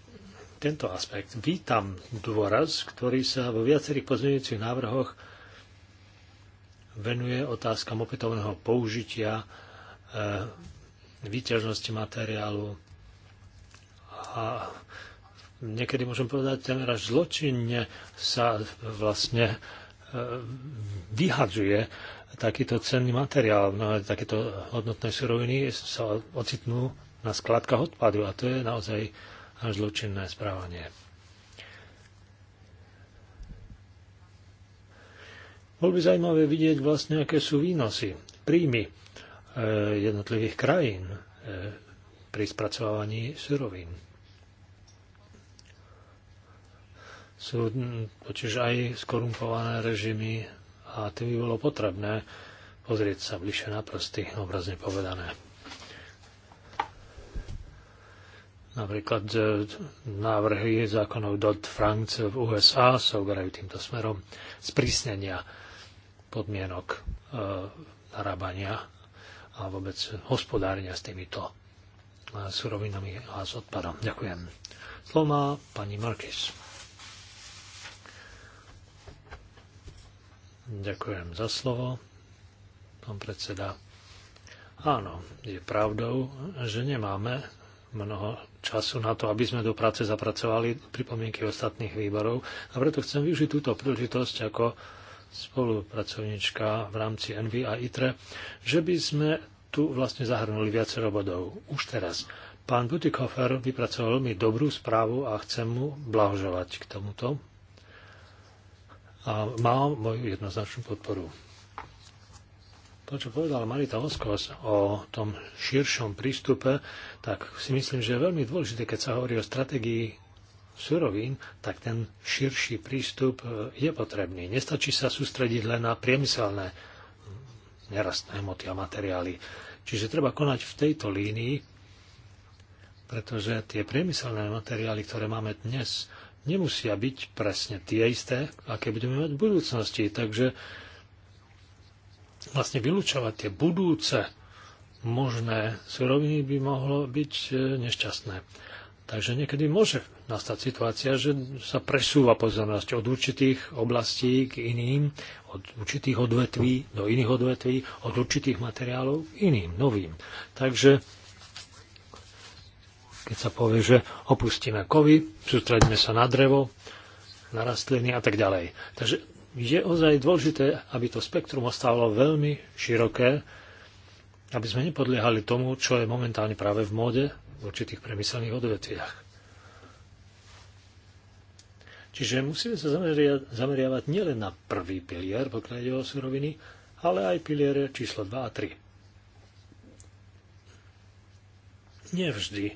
tento aspekt. Vítam dôraz, ktorý sa vo viacerých pozmeňujúcich návrhoch venuje otázkam opätovného použitia, e, výťažnosti materiálu a niekedy môžem povedať, ten až zločinne sa vlastne e, vyhadzuje takýto cenný materiál, mnohé takéto hodnotné suroviny sa ocitnú na skladkách odpadu a to je naozaj až zločinné správanie. Bol by zaujímavé vidieť vlastne, aké sú výnosy, príjmy e, jednotlivých krajín e, pri spracovávaní surovín. Sú totiž aj skorumpované režimy a tým by bolo potrebné pozrieť sa bližšie na prsty, obrazne povedané. Napríklad návrhy zákonov Dodd-Frank v USA sa uberajú týmto smerom sprísnenia podmienok e, narábania a vôbec hospodárenia s týmito e, surovinami a s odpadom. Ďakujem. Slovo má pani Markis. Ďakujem za slovo, pán predseda. Áno, je pravdou, že nemáme mnoho času na to, aby sme do práce zapracovali pripomienky ostatných výborov a preto chcem využiť túto príležitosť ako spolupracovníčka v rámci NV a ITRE, že by sme tu vlastne zahrnuli viacero bodov. Už teraz. Pán Butikofer vypracoval veľmi dobrú správu a chcem mu blahoželať k tomuto a má moju jednoznačnú podporu. To, čo povedala Marita Oskos o tom širšom prístupe, tak si myslím, že je veľmi dôležité, keď sa hovorí o strategii surovín, tak ten širší prístup e, je potrebný. Nestačí sa sústrediť len na priemyselné nerastné hmoty a materiály. Čiže treba konať v tejto línii, pretože tie priemyselné materiály, ktoré máme dnes, nemusia byť presne tie isté, aké budeme mať v budúcnosti. Takže vlastne vylúčovať tie budúce možné suroviny by mohlo byť e, nešťastné. Takže niekedy môže nastať situácia, že sa presúva pozornosť od určitých oblastí k iným, od určitých odvetví do iných odvetví, od určitých materiálov k iným, novým. Takže keď sa povie, že opustíme kovy, sústredíme sa na drevo, na rastliny a tak ďalej. Takže je ozaj dôležité, aby to spektrum ostávalo veľmi široké, aby sme nepodliehali tomu, čo je momentálne práve v móde v určitých premyselných odvetviach. Čiže musíme sa zameriavať nielen na prvý pilier, pokiaľ ide o suroviny, ale aj piliere číslo 2 a 3. Nevždy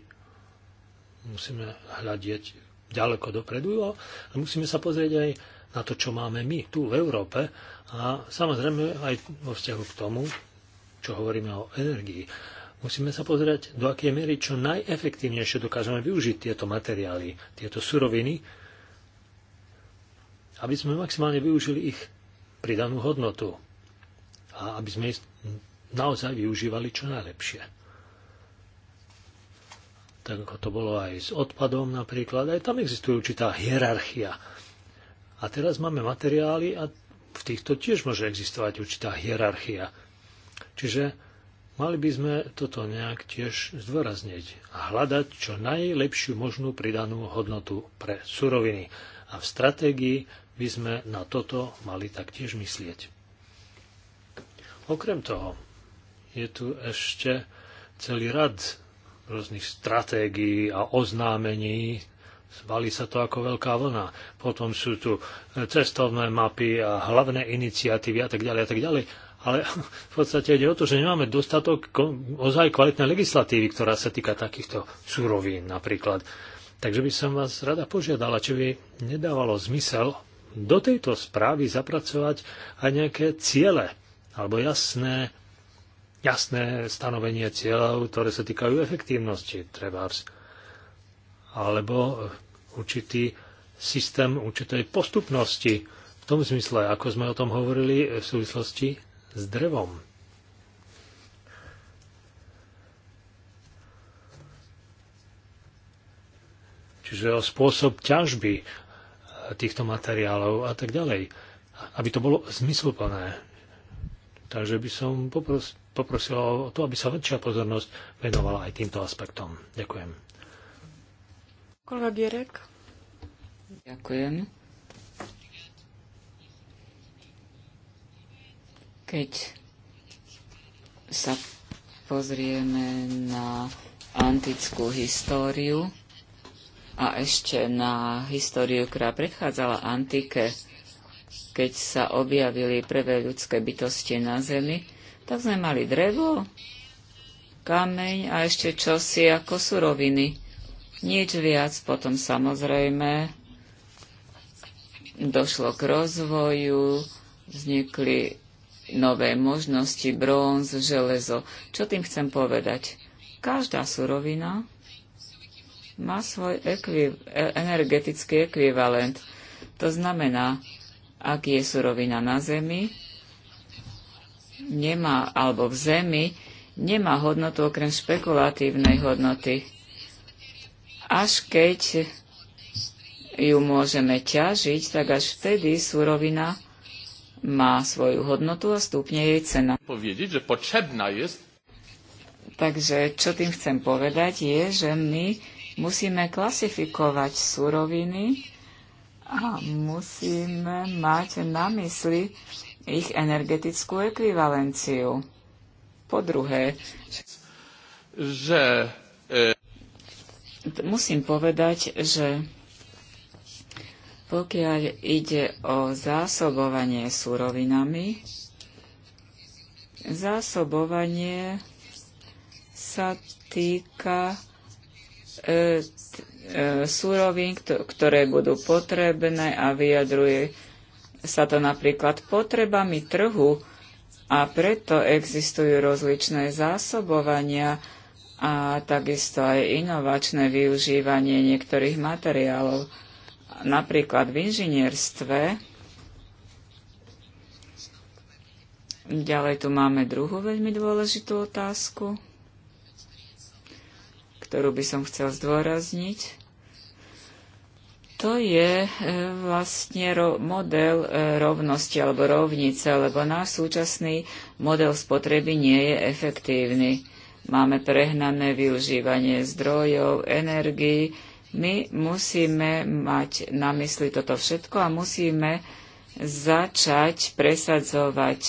musíme hľadieť ďaleko dopredu a musíme sa pozrieť aj na to, čo máme my tu v Európe a samozrejme aj vo vzťahu k tomu, čo hovoríme o energii. Musíme sa pozrieť, do akej miery čo najefektívnejšie dokážeme využiť tieto materiály, tieto suroviny, aby sme maximálne využili ich pridanú hodnotu a aby sme ich naozaj využívali čo najlepšie tak ako to bolo aj s odpadom napríklad, aj tam existuje určitá hierarchia. A teraz máme materiály a v týchto tiež môže existovať určitá hierarchia. Čiže mali by sme toto nejak tiež zdôrazniť a hľadať čo najlepšiu možnú pridanú hodnotu pre suroviny. A v stratégii by sme na toto mali taktiež myslieť. Okrem toho je tu ešte celý rad rôznych stratégií a oznámení. Zvali sa to ako veľká vlna. Potom sú tu e, cestovné mapy a hlavné iniciatívy a tak ďalej a tak ďalej. Ale v podstate ide o to, že nemáme dostatok ozaj kvalitnej legislatívy, ktorá sa týka takýchto súrovín napríklad. Takže by som vás rada požiadala, či by nedávalo zmysel do tejto správy zapracovať aj nejaké ciele alebo jasné jasné stanovenie cieľov, ktoré sa týkajú efektívnosti, trebárs, alebo určitý systém určitej postupnosti, v tom zmysle, ako sme o tom hovorili v súvislosti s drevom. Čiže o spôsob ťažby e, týchto materiálov a tak ďalej. Aby to bolo zmysluplné. Takže by som poprosil poprosil o to, aby sa väčšia pozornosť venovala aj týmto aspektom. Ďakujem. Kolega Gierek. Ďakujem. Keď sa pozrieme na antickú históriu a ešte na históriu, ktorá predchádzala antike, keď sa objavili prvé ľudské bytosti na Zemi, tak sme mali drevo, kameň a ešte čosi ako suroviny. Nič viac potom samozrejme došlo k rozvoju, vznikli nové možnosti, bronz, železo. Čo tým chcem povedať? Každá surovina má svoj ekvi- e, energetický ekvivalent. To znamená, ak je surovina na Zemi, nemá, alebo v zemi, nemá hodnotu okrem špekulatívnej hodnoty. Až keď ju môžeme ťažiť, tak až vtedy surovina má svoju hodnotu a stúpne jej cena. Povedať, že potrebná je... Takže čo tým chcem povedať je, že my musíme klasifikovať suroviny a musíme mať na mysli ich energetickú ekvivalenciu. Po druhé, že e, musím povedať, že pokiaľ ide o zásobovanie surovinami, zásobovanie sa týka e, e, surovín, ktoré budú potrebné a vyjadruje sa to napríklad potrebami trhu a preto existujú rozličné zásobovania a takisto aj inovačné využívanie niektorých materiálov. Napríklad v inžinierstve Ďalej tu máme druhú veľmi dôležitú otázku, ktorú by som chcel zdôrazniť to je e, vlastne model e, rovnosti alebo rovnice, lebo náš súčasný model spotreby nie je efektívny. Máme prehnané využívanie zdrojov, energii. My musíme mať na mysli toto všetko a musíme začať presadzovať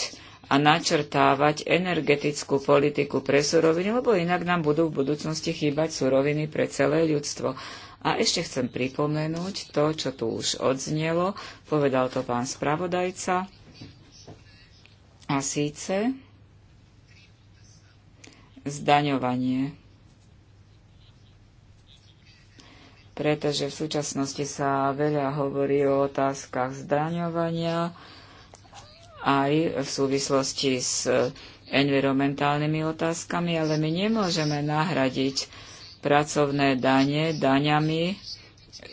a načrtávať energetickú politiku pre suroviny, lebo inak nám budú v budúcnosti chýbať suroviny pre celé ľudstvo. A ešte chcem pripomenúť to, čo tu už odznelo, povedal to pán spravodajca. A síce zdaňovanie. Pretože v súčasnosti sa veľa hovorí o otázkach zdaňovania aj v súvislosti s environmentálnymi otázkami, ale my nemôžeme nahradiť pracovné dane daňami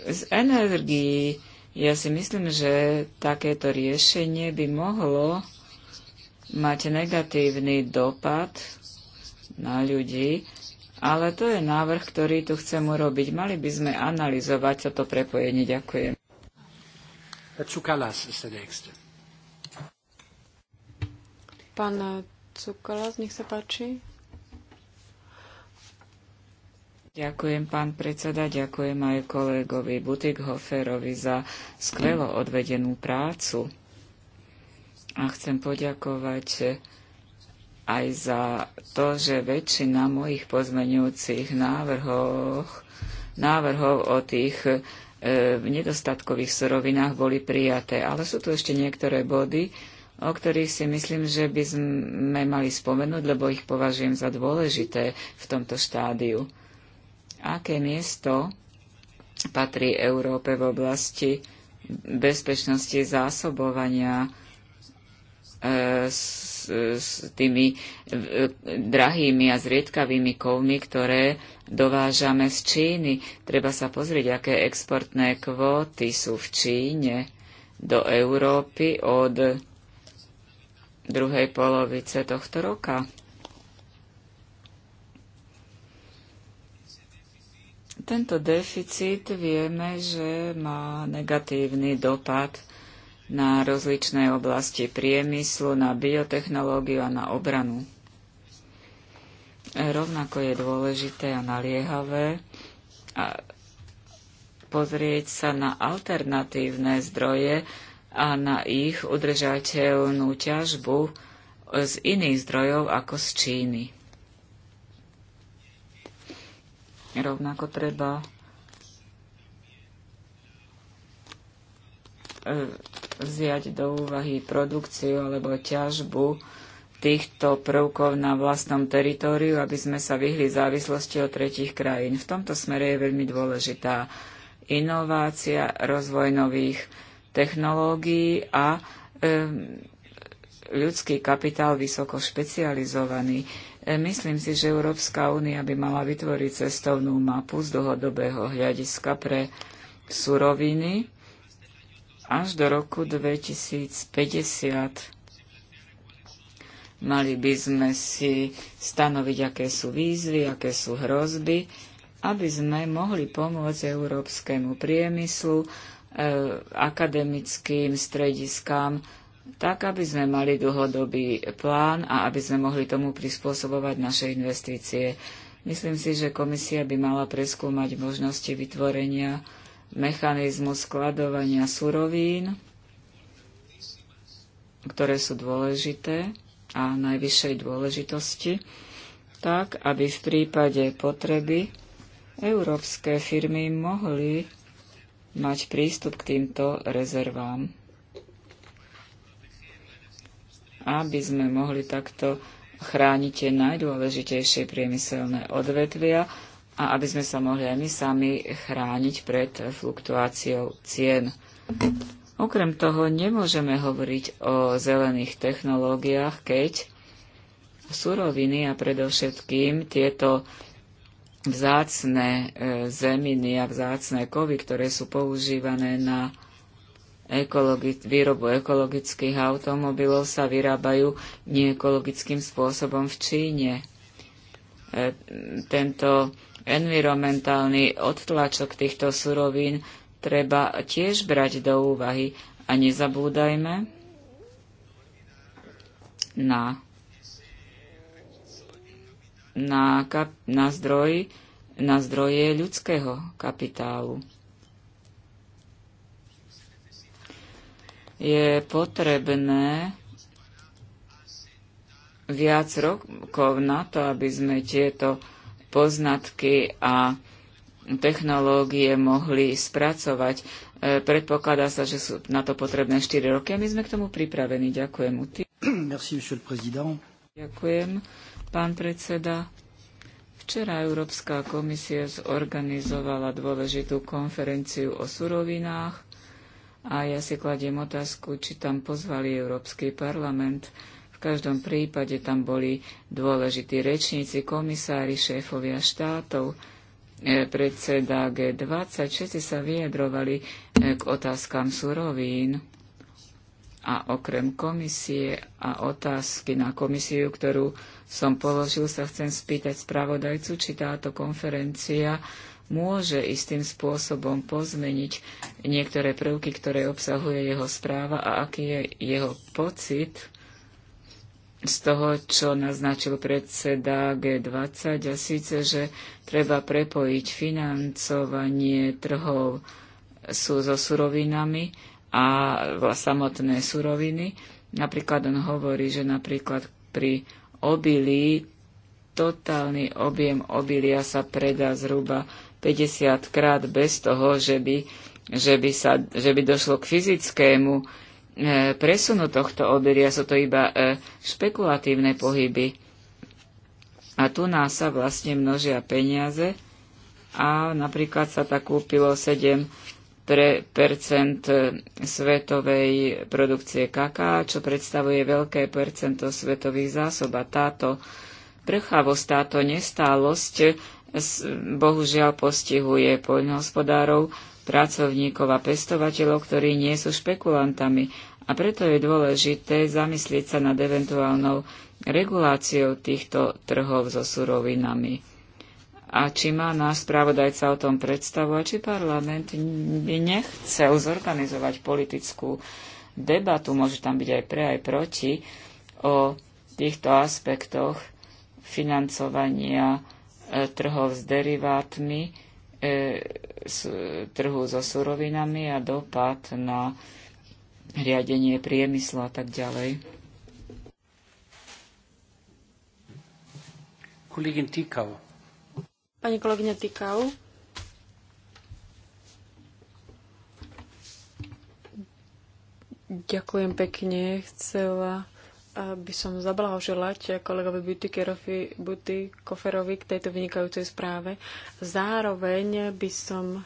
z energií. Ja si myslím, že takéto riešenie by mohlo mať negatívny dopad na ľudí, ale to je návrh, ktorý tu chcem urobiť. Mali by sme analyzovať toto prepojenie. Ďakujem. Pán Cukalas, nech sa páči. Ďakujem, pán predseda, ďakujem aj kolegovi Butikhoferovi za skvelo odvedenú prácu. A chcem poďakovať aj za to, že väčšina mojich pozmenujúcich návrhov, návrhov o tých e, nedostatkových surovinách boli prijaté. Ale sú tu ešte niektoré body, o ktorých si myslím, že by sme mali spomenúť, lebo ich považujem za dôležité v tomto štádiu aké miesto patrí Európe v oblasti bezpečnosti zásobovania e, s, s tými e, drahými a zriedkavými kovmi, ktoré dovážame z Číny. Treba sa pozrieť, aké exportné kvóty sú v Číne do Európy od druhej polovice tohto roka. Tento deficit vieme, že má negatívny dopad na rozličné oblasti priemyslu, na biotechnológiu a na obranu. Rovnako je dôležité a naliehavé a pozrieť sa na alternatívne zdroje a na ich udržateľnú ťažbu z iných zdrojov ako z Číny. Rovnako treba e, vziať do úvahy produkciu alebo ťažbu týchto prvkov na vlastnom teritóriu, aby sme sa vyhli závislosti od tretich krajín. V tomto smere je veľmi dôležitá inovácia, rozvoj nových technológií a e, ľudský kapitál vysoko špecializovaný. E, myslím si, že Európska únia by mala vytvoriť cestovnú mapu z dlhodobého hľadiska pre suroviny až do roku 2050. Mali by sme si stanoviť, aké sú výzvy, aké sú hrozby, aby sme mohli pomôcť európskemu priemyslu, e, akademickým strediskám, tak aby sme mali dlhodobý plán a aby sme mohli tomu prispôsobovať naše investície. Myslím si, že komisia by mala preskúmať možnosti vytvorenia mechanizmu skladovania surovín, ktoré sú dôležité a najvyššej dôležitosti, tak aby v prípade potreby európske firmy mohli mať prístup k týmto rezervám aby sme mohli takto chrániť tie najdôležitejšie priemyselné odvetvia a aby sme sa mohli aj my sami chrániť pred fluktuáciou cien. Okrem toho nemôžeme hovoriť o zelených technológiách, keď suroviny a predovšetkým tieto vzácne e, zeminy a vzácne kovy, ktoré sú používané na ekologi- výrobu ekologických automobilov sa vyrábajú neekologickým spôsobom v Číne. E, tento environmentálny odtlačok týchto surovín treba tiež brať do úvahy a nezabúdajme na, na, kap- na, zdroj, na zdroje ľudského kapitálu. je potrebné viac rokov na to, aby sme tieto poznatky a technológie mohli spracovať. E, predpokladá sa, že sú na to potrebné 4 roky a my sme k tomu pripravení. Ďakujem. Merci, Ďakujem, pán predseda. Včera Európska komisia zorganizovala dôležitú konferenciu o surovinách a ja si kladiem otázku, či tam pozvali Európsky parlament. V každom prípade tam boli dôležití rečníci, komisári, šéfovia štátov, e, predseda G20. Všetci sa vyjadrovali e, k otázkam surovín a okrem komisie a otázky na komisiu, ktorú som položil, sa chcem spýtať spravodajcu, či táto konferencia môže istým spôsobom pozmeniť niektoré prvky, ktoré obsahuje jeho správa a aký je jeho pocit z toho, čo naznačil predseda G20 a síce, že treba prepojiť financovanie trhov sú so surovinami a samotné suroviny. Napríklad on hovorí, že napríklad pri obilí totálny objem obilia sa predá zhruba 50 krát bez toho, že by, že by, sa, že by došlo k fyzickému e, presunu tohto obilia. Sú to iba e, špekulatívne pohyby. A tu nás sa vlastne množia peniaze a napríklad sa tak kúpilo 7 pre percent e, svetovej produkcie kaká, čo predstavuje veľké percento svetových zásob. A táto prchavosť, táto nestálosť bohužiaľ postihuje poľnohospodárov, pracovníkov a pestovateľov, ktorí nie sú špekulantami a preto je dôležité zamyslieť sa nad eventuálnou reguláciou týchto trhov so surovinami. A či má náš spravodajca o tom predstavu a či parlament by nechcel zorganizovať politickú debatu, môže tam byť aj pre, aj proti, o týchto aspektoch financovania trhov s derivátmi, e, trhu so surovinami a dopad na riadenie priemyslu a tak ďalej. Kolegyň Týkau. Pani kolegyňa Týkau. Ďakujem pekne. Chcela by som zablahoželať kolegovi Buty Koferovi k tejto vynikajúcej správe. Zároveň by som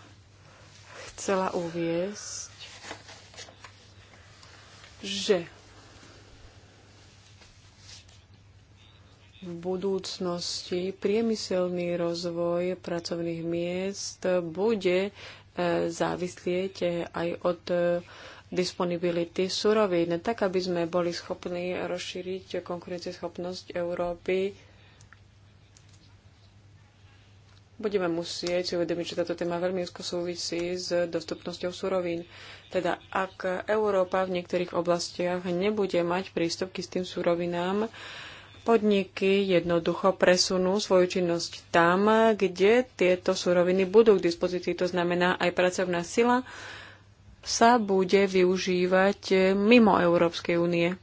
chcela uviesť, že v budúcnosti priemyselný rozvoj pracovných miest bude e, závislieť aj od disponibility surovín, tak aby sme boli schopní rozšíriť konkurencieschopnosť Európy. Budeme musieť si uvedomiť, že táto téma veľmi úzko súvisí s dostupnosťou surovín. Teda ak Európa v niektorých oblastiach nebude mať prístup k tým surovinám, podniky jednoducho presunú svoju činnosť tam, kde tieto suroviny budú k dispozícii. To znamená, aj pracovná sila sa bude využívať e, mimo Európskej únie.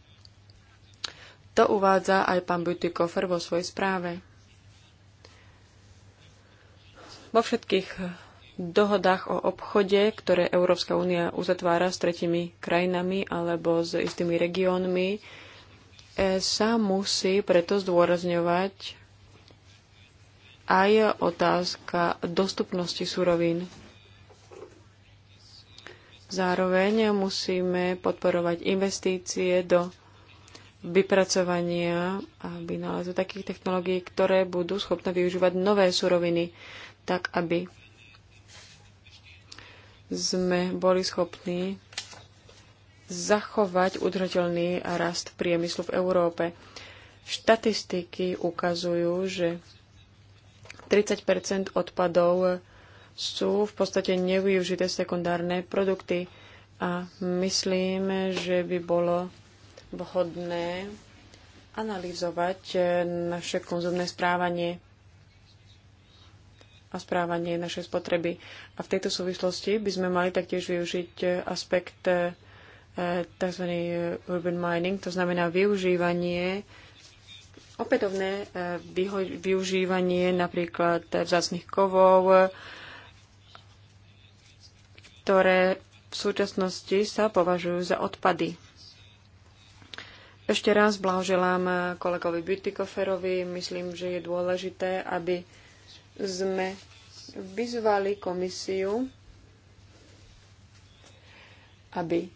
To uvádza aj pán Koffer vo svojej správe. Vo všetkých dohodách o obchode, ktoré Európska únia uzatvára s tretimi krajinami alebo s istými regiónmi, e, sa musí preto zdôrazňovať aj otázka dostupnosti surovín. Zároveň musíme podporovať investície do vypracovania a vynálezu takých technológií, ktoré budú schopné využívať nové suroviny, tak aby sme boli schopní zachovať udržateľný rast priemyslu v Európe. Štatistiky ukazujú, že 30 odpadov sú v podstate nevyužité sekundárne produkty a myslím, že by bolo vhodné analyzovať eh, naše konzumné správanie a správanie našej spotreby. A v tejto súvislosti by sme mali taktiež využiť eh, aspekt eh, tzv. urban mining, to znamená využívanie, opätovné využívanie napríklad vzácných kovov, ktoré v súčasnosti sa považujú za odpady. Ešte raz blahoželám kolegovi Bytikoferovi. Myslím, že je dôležité, aby sme vyzvali komisiu, aby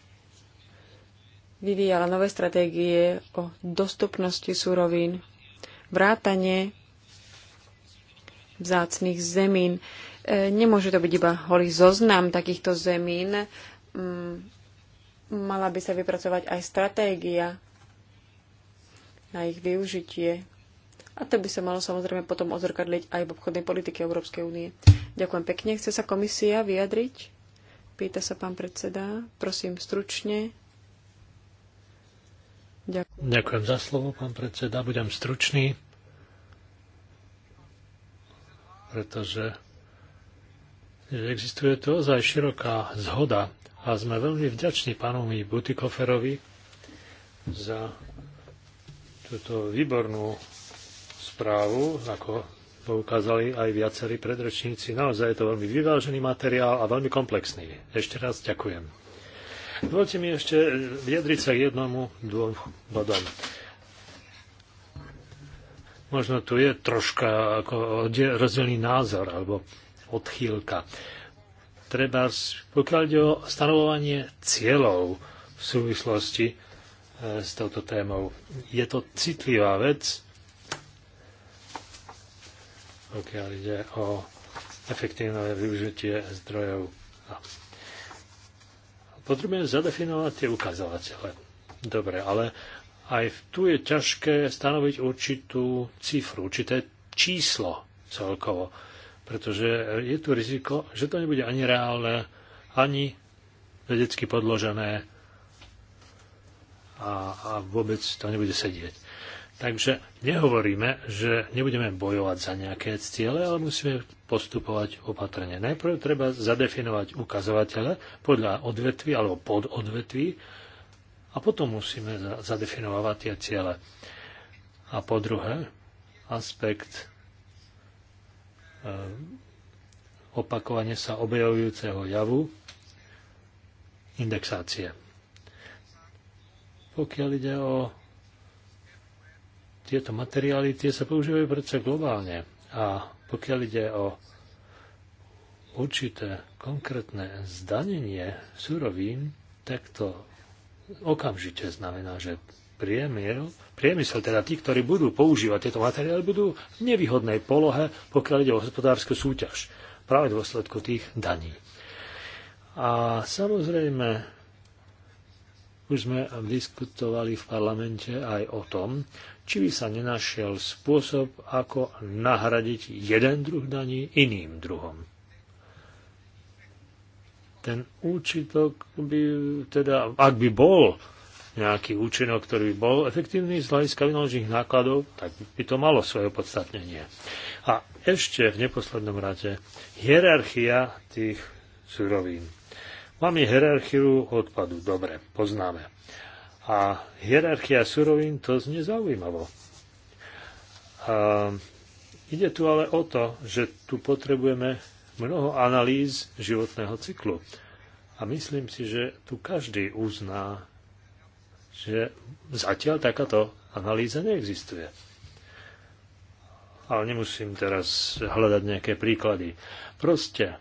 vyvíjala nové stratégie o dostupnosti surovín, vrátanie vzácných zemín. Nemôže to byť iba holý zoznam takýchto zemín. Mm, mala by sa vypracovať aj stratégia na ich využitie. A to by sa malo samozrejme potom odzrkadliť aj v obchodnej politike Európskej únie. Ďakujem pekne. Chce sa komisia vyjadriť? Pýta sa pán predseda. Prosím, stručne. Ďakujem. Ďakujem za slovo, pán predseda. Budem stručný, pretože že existuje to ozaj široká zhoda a sme veľmi vďační pánovi Butikoferovi za túto výbornú správu, ako poukázali aj viacerí predrečníci. Naozaj je to veľmi vyvážený materiál a veľmi komplexný. Ešte raz ďakujem. Dovolte mi ešte vyjadriť sa k jednomu dvom bodom. Možno tu je troška ako rozdielný názor, alebo odchýlka. Treba, pokiaľ ide o stanovovanie cieľov v súvislosti e, s touto témou, je to citlivá vec, pokiaľ ide o efektívne využitie zdrojov. Potrebujem zadefinovať tie ukazovatele. Dobre, ale aj tu je ťažké stanoviť určitú cifru, určité číslo celkovo pretože je tu riziko, že to nebude ani reálne, ani vedecky podložené a, a vôbec to nebude sedieť. Takže nehovoríme, že nebudeme bojovať za nejaké ciele, ale musíme postupovať opatrne. Najprv treba zadefinovať ukazovatele podľa odvetví alebo pododvetví a potom musíme zadefinovať tie ciele. A po druhé, aspekt Ehm, opakovane sa objavujúceho javu indexácie. Pokiaľ ide o tieto materiály, tie sa používajú predsa globálne. A pokiaľ ide o určité konkrétne zdanenie surovín, tak to okamžite znamená, že priemiel, priemysel, teda tí, ktorí budú používať tieto materiály, budú v nevýhodnej polohe, pokiaľ ide o hospodárskú súťaž. Práve v dôsledku tých daní. A samozrejme, už sme diskutovali v parlamente aj o tom, či by sa nenašiel spôsob, ako nahradiť jeden druh daní iným druhom. Ten účitok by teda, ak by bol nejaký účinok, ktorý by bol efektívny z hľadiska vynaložených nákladov, tak by to malo svoje podstatnenie. A ešte v neposlednom rade hierarchia tých surovín. Máme hierarchiu odpadu, dobre, poznáme. A hierarchia surovín to znie zaujímavo. A ide tu ale o to, že tu potrebujeme mnoho analýz životného cyklu. A myslím si, že tu každý uzná, že zatiaľ takáto analýza neexistuje. Ale nemusím teraz hľadať nejaké príklady. Proste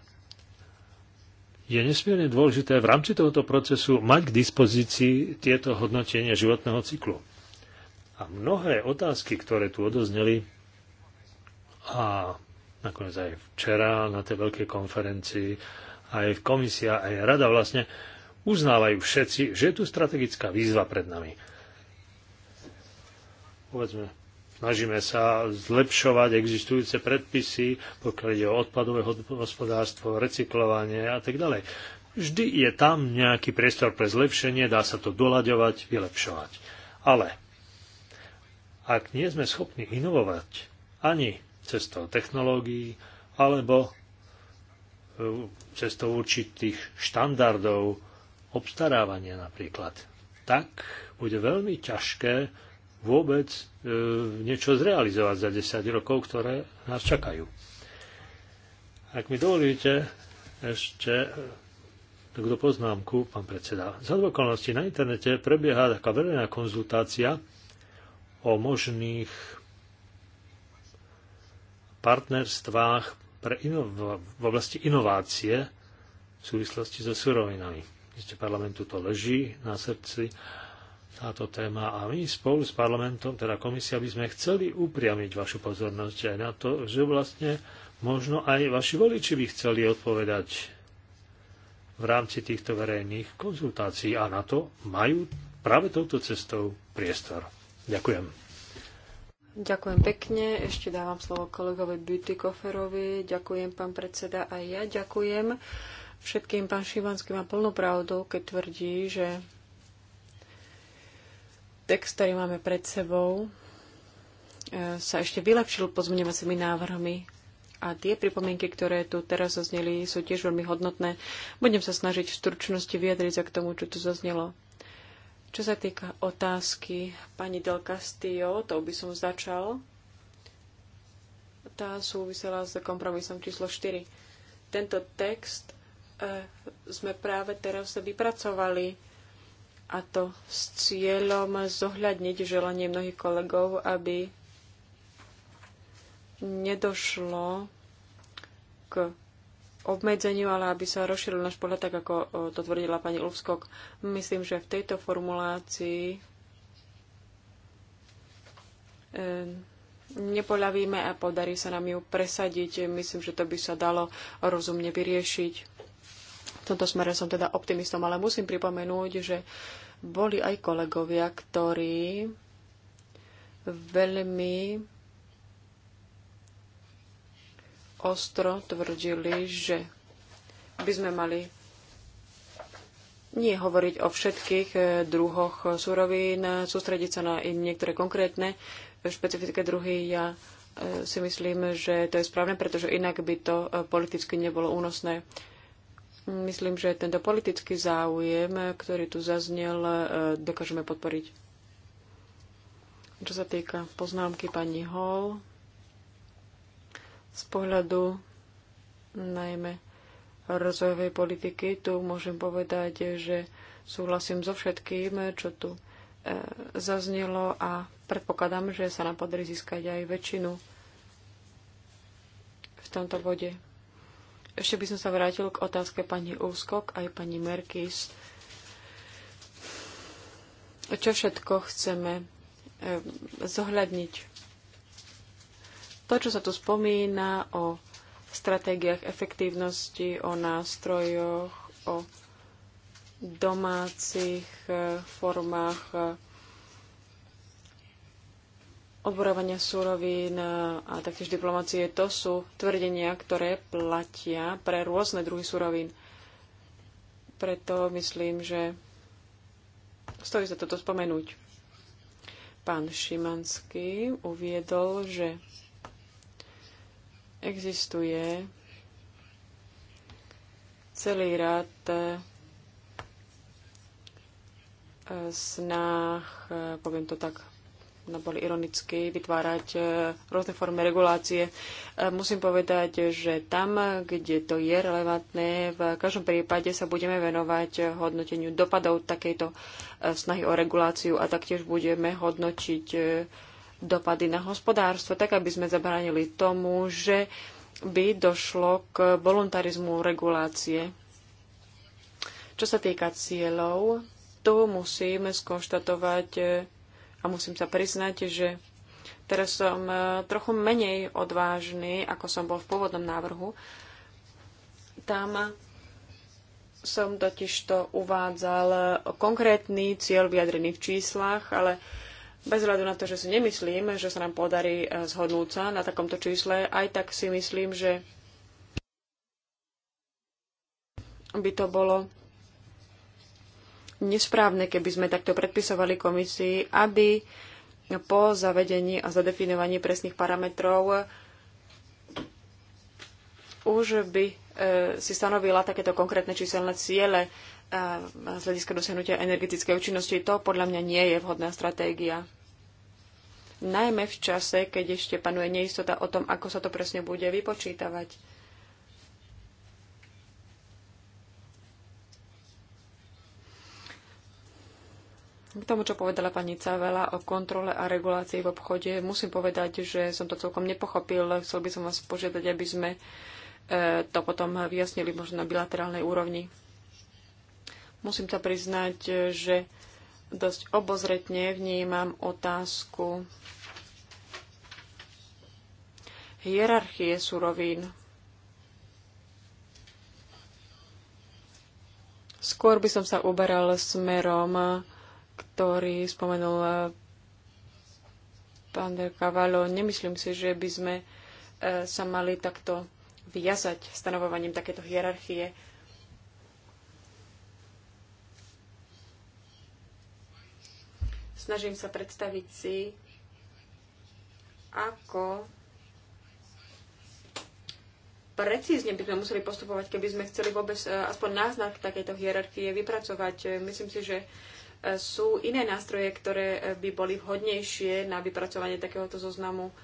je nesmierne dôležité v rámci tohoto procesu mať k dispozícii tieto hodnotenie životného cyklu. A mnohé otázky, ktoré tu odozneli a nakoniec aj včera na tej veľkej konferencii, aj komisia, aj rada vlastne uznávajú všetci, že je tu strategická výzva pred nami. Povedzme, snažíme sa zlepšovať existujúce predpisy, pokiaľ ide o odpadové hospodárstvo, recyklovanie a tak ďalej. Vždy je tam nejaký priestor pre zlepšenie, dá sa to doľaďovať, vylepšovať. Ale ak nie sme schopní inovovať ani cestou technológií, alebo e, cestou určitých štandardov, obstarávania napríklad, tak bude veľmi ťažké vôbec e, niečo zrealizovať za 10 rokov, ktoré nás čakajú. Ak mi dovolíte, ešte tak do poznámku, pán predseda. Za okolností na internete prebieha taká verejná konzultácia o možných partnerstvách pre inov- v oblasti inovácie v súvislosti so surovinami. Isté parlamentu to leží na srdci táto téma a my spolu s parlamentom, teda komisia, by sme chceli upriamiť vašu pozornosť aj na to, že vlastne možno aj vaši voliči by chceli odpovedať v rámci týchto verejných konzultácií a na to majú práve touto cestou priestor. Ďakujem. Ďakujem pekne. Ešte dávam slovo kolegovi Beauty Koferovi. Ďakujem, pán predseda, aj ja ďakujem Všetkým pán Šivanský má plnú pravdu, keď tvrdí, že text, ktorý máme pred sebou, e, sa ešte vylepšil pozmeňovacími návrhmi a tie pripomienky, ktoré tu teraz zazneli, sú tiež veľmi hodnotné. Budem sa snažiť v stručnosti vyjadriť sa k tomu, čo tu zaznelo. Čo sa týka otázky pani Del Castillo, to by som začal. Tá súvisela s kompromisom číslo 4. Tento text E, sme práve teraz vypracovali a to s cieľom zohľadniť želanie mnohých kolegov, aby nedošlo k obmedzeniu, ale aby sa rozšíril náš pohľad, tak ako e, to tvrdila pani Ulfskok. Myslím, že v tejto formulácii e, nepoľavíme a podarí sa nám ju presadiť. Myslím, že to by sa dalo rozumne vyriešiť. V tomto smere som teda optimistom, ale musím pripomenúť, že boli aj kolegovia, ktorí veľmi ostro tvrdili, že by sme mali nie hovoriť o všetkých eh, druhoch surovín, sústrediť sa na niektoré konkrétne eh, špecifické druhy. Ja eh, si myslím, že to je správne, pretože inak by to politicky nebolo únosné. Myslím, že tento politický záujem, ktorý tu zaznel, e, dokážeme podporiť. Čo sa týka poznámky pani Hall, z pohľadu najmä rozvojovej politiky, tu môžem povedať, že súhlasím so všetkým, čo tu e, zaznelo a predpokladám, že sa nám podarí získať aj väčšinu v tomto bode. Ešte by som sa vrátil k otázke pani Úskok aj pani Merkis. Čo všetko chceme eh, zohľadniť? To, čo sa tu spomína o stratégiách efektívnosti, o nástrojoch, o domácich eh, formách eh, odborovania súrovín a taktiež diplomácie, to sú tvrdenia, ktoré platia pre rôzne druhy súrovín. Preto myslím, že stojí za toto spomenúť. Pán Šimanský uviedol, že existuje celý rad e, snách, e, poviem to tak No, boli ironicky vytvárať e, rôzne formy regulácie. E, musím povedať, že tam, kde to je relevantné, v každom prípade sa budeme venovať hodnoteniu dopadov takejto e, snahy o reguláciu a taktiež budeme hodnotiť dopady na hospodárstvo, tak aby sme zabránili tomu, že by došlo k voluntarizmu regulácie. Čo sa týka cieľov, tu musíme skonštatovať, a musím sa priznať, že teraz som e, trochu menej odvážny, ako som bol v pôvodnom návrhu. Tam som totiž to uvádzal konkrétny cieľ vyjadrený v číslach, ale bez hľadu na to, že si nemyslím, že sa nám podarí e, zhodnúť sa na takomto čísle, aj tak si myslím, že by to bolo nesprávne, keby sme takto predpisovali komisii, aby po zavedení a zadefinovaní presných parametrov už by e, si stanovila takéto konkrétne číselné ciele e, z hľadiska dosiahnutia energetickej účinnosti. To podľa mňa nie je vhodná stratégia. Najmä v čase, keď ešte panuje neistota o tom, ako sa to presne bude vypočítavať. K tomu, čo povedala pani Cavela o kontrole a regulácii v obchode, musím povedať, že som to celkom nepochopil. Chcel by som vás požiadať, aby sme e, to potom vyjasnili možno na bilaterálnej úrovni. Musím sa priznať, že dosť obozretne vnímam otázku hierarchie surovín. Skôr by som sa uberal smerom ktorý spomenul eh, pán Del Cavallo. Nemyslím si, že by sme eh, sa mali takto vyjazať stanovovaním takéto hierarchie. Snažím sa predstaviť si, ako precízne by sme museli postupovať, keby sme chceli vôbec eh, aspoň náznak takejto hierarchie vypracovať. Myslím si, že sú iné nástroje, ktoré eh, by boli vhodnejšie na vypracovanie takéhoto zoznamu,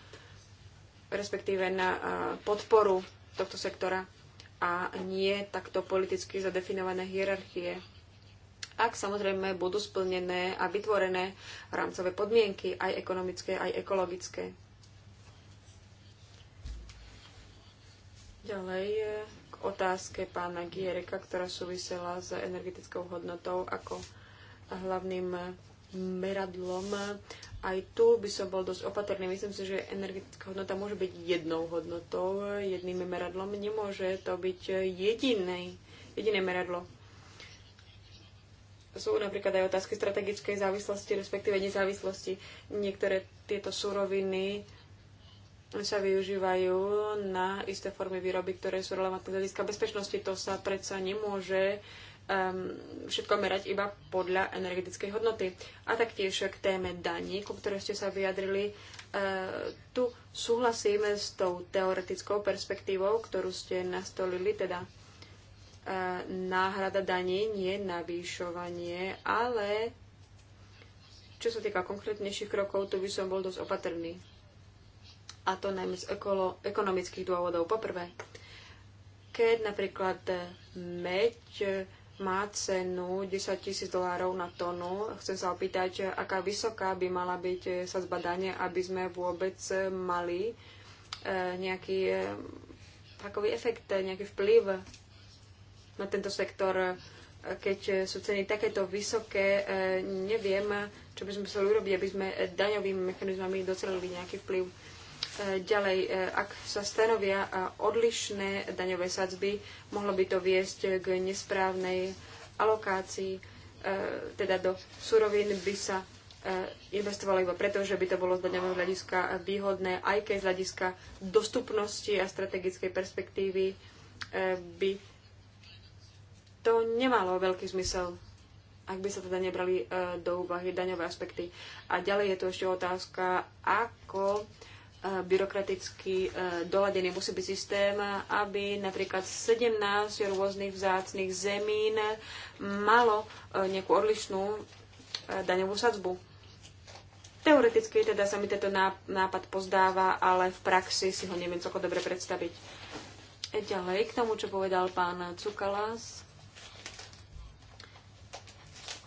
respektíve na eh, podporu tohto sektora a nie takto politicky zadefinované hierarchie ak samozrejme budú splnené a vytvorené rámcové podmienky, aj ekonomické, aj ekologické. Ďalej eh, k otázke pána Giereka, ktorá súvisela s energetickou hodnotou ako hlavným meradlom. Aj tu by som bol dosť opatrný. Myslím si, že energetická hodnota môže byť jednou hodnotou, jedným meradlom. Nemôže to byť jediné, jediné meradlo. Sú napríklad aj otázky strategickej závislosti, respektíve nezávislosti. Niektoré tieto suroviny sa využívajú na isté formy výroby, ktoré sú relevantné z hľadiska bezpečnosti. To sa predsa nemôže uh, Um, všetko merať iba podľa energetickej hodnoty. A taktiež k téme daní, ku ktorej ste sa vyjadrili, uh, tu súhlasíme s tou teoretickou perspektívou, ktorú ste nastolili, teda uh, náhrada daní, nie navýšovanie, ale čo sa týka konkrétnejších krokov, tu by som bol dosť opatrný. A to najmä z ekolo, ekonomických dôvodov. Poprvé, keď napríklad meď má cenu 10 tisíc dolárov na tonu. Chcem sa opýtať, aká vysoká by mala byť eh, sa zbadanie, aby sme vôbec eh, mali eh, nejaký takový efekt, nejaký vplyv na tento sektor. Keď sú ceny takéto vysoké, neviem, čo by sme museli urobiť, aby sme daňovými mechanizmami docelili nejaký vplyv. Ďalej, e, ak sa stanovia odlišné daňové sadzby, mohlo by to viesť k nesprávnej alokácii, e, teda do surovín by sa e, investovalo iba preto, že by to bolo z daňového hľadiska výhodné, aj keď z hľadiska dostupnosti a strategickej perspektívy by to nemalo veľký zmysel, ak by sa teda nebrali do úvahy daňové aspekty. A ďalej je tu ešte otázka, ako byrokraticky e, doladený musí byť systém, aby napríklad 17 rôznych vzácných zemín malo e, nejakú odlišnú e, daňovú sadzbu. Teoreticky teda sa mi tento nápad pozdáva, ale v praxi si ho neviem celko dobre predstaviť. Ďalej k tomu, čo povedal pán Cukalas.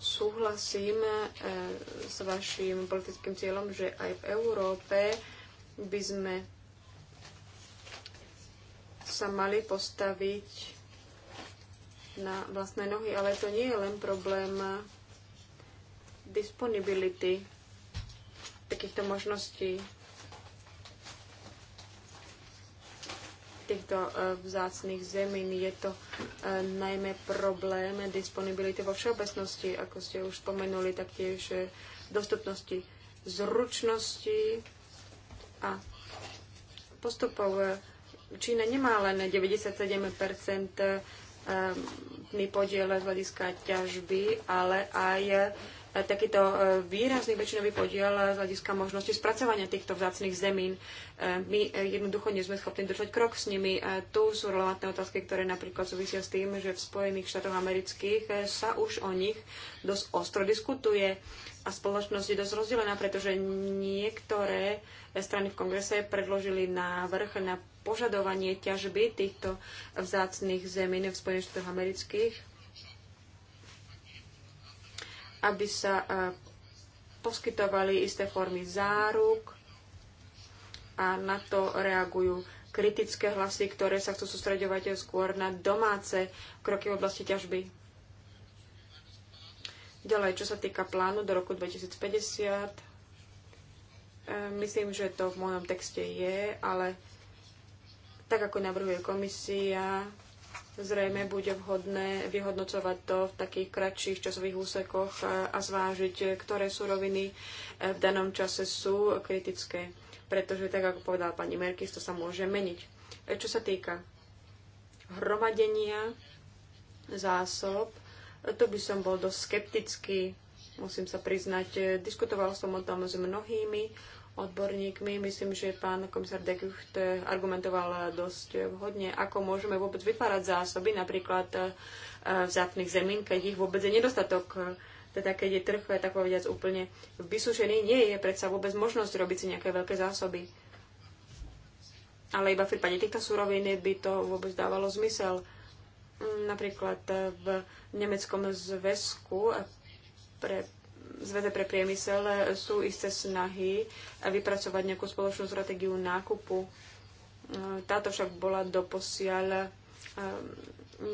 Súhlasím s vašim politickým cieľom, že aj v Európe by sme sa mali postaviť na vlastné nohy, ale to nie je len problém disponibility takýchto možností, týchto e, vzácných zemín. Je to e, najmä problém disponibility vo všeobecnosti, ako ste už spomenuli, taktiež e, dostupnosti zručnosti a postupov e, Čína nemá len 97% e, podiel z hľadiska ťažby, ale aj E, takýto e, výrazný väčšinový podiel e, z hľadiska možnosti spracovania týchto vzácných zemín. My jednoducho nie sme schopní držať krok s nimi. Tu sú relevantné otázky, ktoré napríklad súvisia s tým, že v Spojených štátoch amerických sa už o nich dosť ostro diskutuje a spoločnosť je dosť rozdelená, pretože niektoré strany v kongrese predložili návrh na požadovanie ťažby týchto vzácných zemín v Spojených štátoch amerických aby sa e, poskytovali isté formy záruk a na to reagujú kritické hlasy, ktoré sa chcú sústredovať skôr na domáce kroky v oblasti ťažby. Ďalej, čo sa týka plánu do roku 2050, e, myslím, že to v mojom texte je, ale tak ako navrhuje komisia, Zrejme bude vhodné vyhodnocovať to v takých kratších časových úsekoch e, a zvážiť, e, ktoré suroviny e, v danom čase sú kritické. Pretože, tak ako povedala pani Merkis, to sa môže meniť. Čo sa týka hromadenia zásob, tu by som bol dosť skeptický, musím sa priznať. Diskutoval som o tom s mnohými odborníkmi. Myslím, že pán komisár Dekucht argumentoval dosť vhodne, ako môžeme vôbec vytvárať zásoby, napríklad eh, zápných zemín, keď ich vôbec je nedostatok. Teda keď je trh, eh, tak povediac, úplne vysúšený, nie je predsa vôbec možnosť robiť si nejaké veľké zásoby. Ale iba v prípade týchto súrovín by to vôbec dávalo zmysel. Mm, napríklad eh, v nemeckom zväzku pre zvede pre priemysel e, sú isté snahy vypracovať nejakú spoločnú stratégiu nákupu. E, táto však bola doposiaľ e,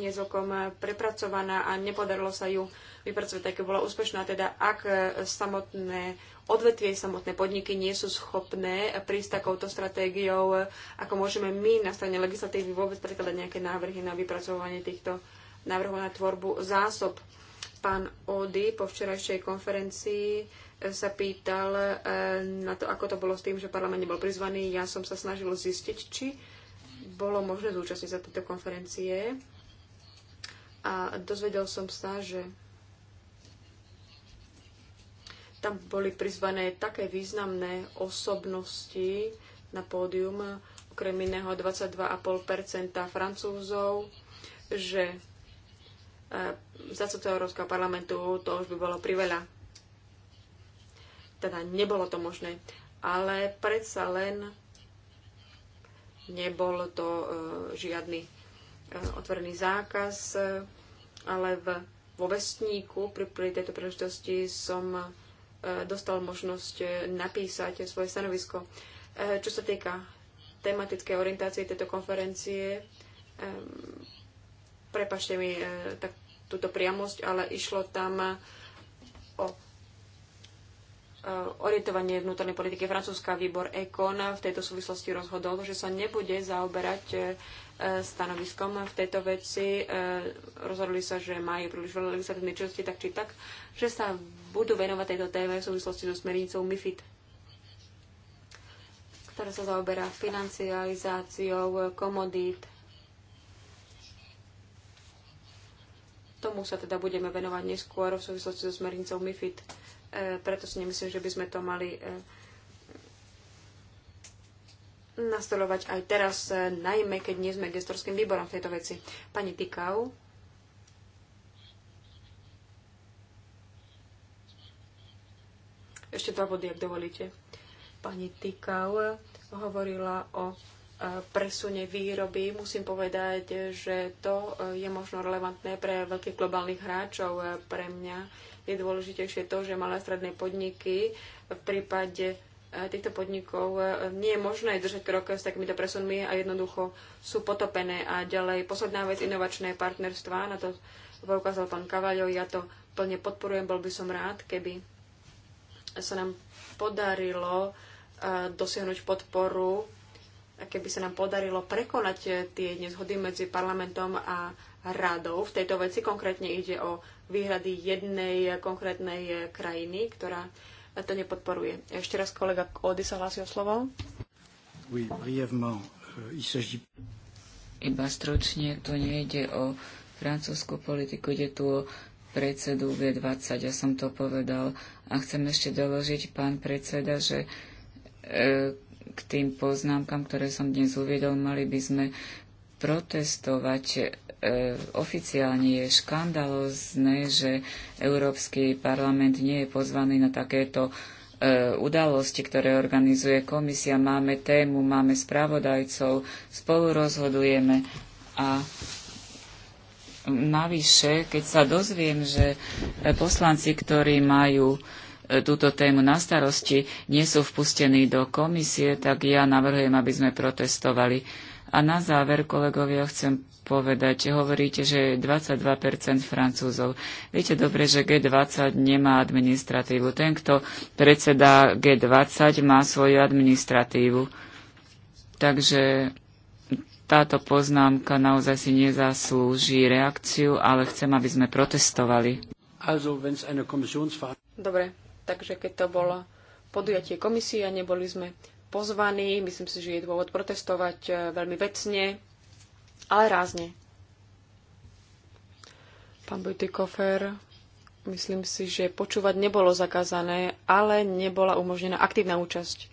niezokom prepracovaná a nepodarilo sa ju vypracovať, tak bola úspešná. Teda ak samotné odvetvie, samotné podniky nie sú schopné prísť takouto stratégiou, ako môžeme my na strane legislatívy vôbec prekladať nejaké návrhy na vypracovanie týchto návrhov na tvorbu zásob. Pán Ody po včerajšej konferencii e, sa pýtal e, na to, ako to bolo s tým, že parlament nebol prizvaný. Ja som sa snažil zistiť, či bolo možné zúčastniť sa tejto konferencie. A dozvedel som sa, že tam boli prizvané také významné osobnosti na pódium, okrem iného 22,5 francúzov, že zastupcov Európskeho parlamentu, to už by bolo priveľa. Teda nebolo to možné. Ale predsa len nebol to e, žiadny e, otvorený zákaz, e, ale v, vo vestníku pri, pri tejto príležitosti som dostal možnosť napísať svoje stanovisko. Čo sa týka tematickej orientácie tejto konferencie, prepašte mi e, tak, túto priamosť, ale išlo tam e, o e, orientovanie vnútornej politiky Francúzska výbor ECON v tejto súvislosti rozhodol, že sa nebude zaoberať stanoviskom v tejto veci. Rozhodli sa, že majú príliš veľa legislatívnej činnosti, tak či tak, že sa budú venovať tejto téme v súvislosti so smernicou MIFID, ktorá sa zaoberá financializáciou komodít Tomu sa teda budeme venovať neskôr v súvislosti so smernicou MIFID. E, preto si nemyslím, že by sme to mali e, nastolovať aj teraz, e, najmä keď nie sme gestorským výborom v tejto veci. Pani Tikau. Ešte dva body, ak dovolíte. Pani Tikau hovorila o E, presune výroby, musím povedať, že to e, je možno relevantné pre veľkých globálnych hráčov. E, pre mňa je dôležitejšie to, že malé stredné podniky v prípade týchto podnikov nie je možné držať krok s takýmito presunmi a jednoducho sú potopené. A ďalej, posledná vec, inovačné partnerstvá, na to poukázal pán Kavaľov, ja to plne podporujem, bol by som rád, keby sa nám podarilo dosiahnuť podporu keby sa nám podarilo prekonať eh, tie nezhody medzi parlamentom a radou. V tejto veci konkrétne ide o výhrady jednej eh, konkrétnej eh, krajiny, ktorá to nepodporuje. Ešte raz kolega Kody sa hlási o slovo. Euh, Iba stručne, tu nejde o francúzsku politiku, ide tu o predsedu V20, ja som to povedal. A chcem ešte doložiť, pán predseda, že e, k tým poznámkam, ktoré som dnes uviedol, mali by sme protestovať e, oficiálne. Je škandalozné, že Európsky parlament nie je pozvaný na takéto e, udalosti, ktoré organizuje komisia. Máme tému, máme spravodajcov, spolu rozhodujeme a navyše, keď sa dozviem, že poslanci, ktorí majú túto tému na starosti, nie sú vpustení do komisie, tak ja navrhujem, aby sme protestovali. A na záver, kolegovia, chcem povedať, hovoríte, že 22% Francúzov. Viete dobre, že G20 nemá administratívu. Ten, kto predsedá G20, má svoju administratívu. Takže táto poznámka naozaj si nezaslúži reakciu, ale chcem, aby sme protestovali. Dobre, takže keď to bolo podujatie komisie a neboli sme pozvaní, myslím si, že je dôvod protestovať e, veľmi vecne, ale rázne. Pán Kofer, myslím si, že počúvať nebolo zakázané, ale nebola umožnená aktívna účasť.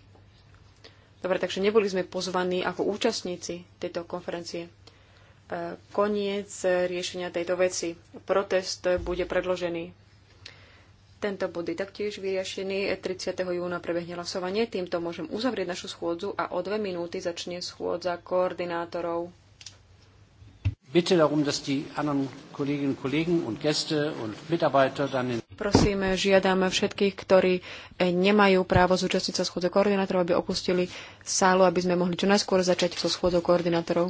Dobre, takže neboli sme pozvaní ako účastníci tejto konferencie. E, koniec riešenia tejto veci. Protest bude predložený tento bod je taktiež vyriešený. 30. júna prebehne hlasovanie. Týmto môžem uzavrieť našu schôdzu a o dve minúty začne schôdza koordinátorov. Prosím, žiadam všetkých, ktorí eh, nemajú právo zúčastniť sa schôdze koordinátorov, aby opustili sálu, aby sme mohli čo najskôr začať so schôdzou koordinátorov.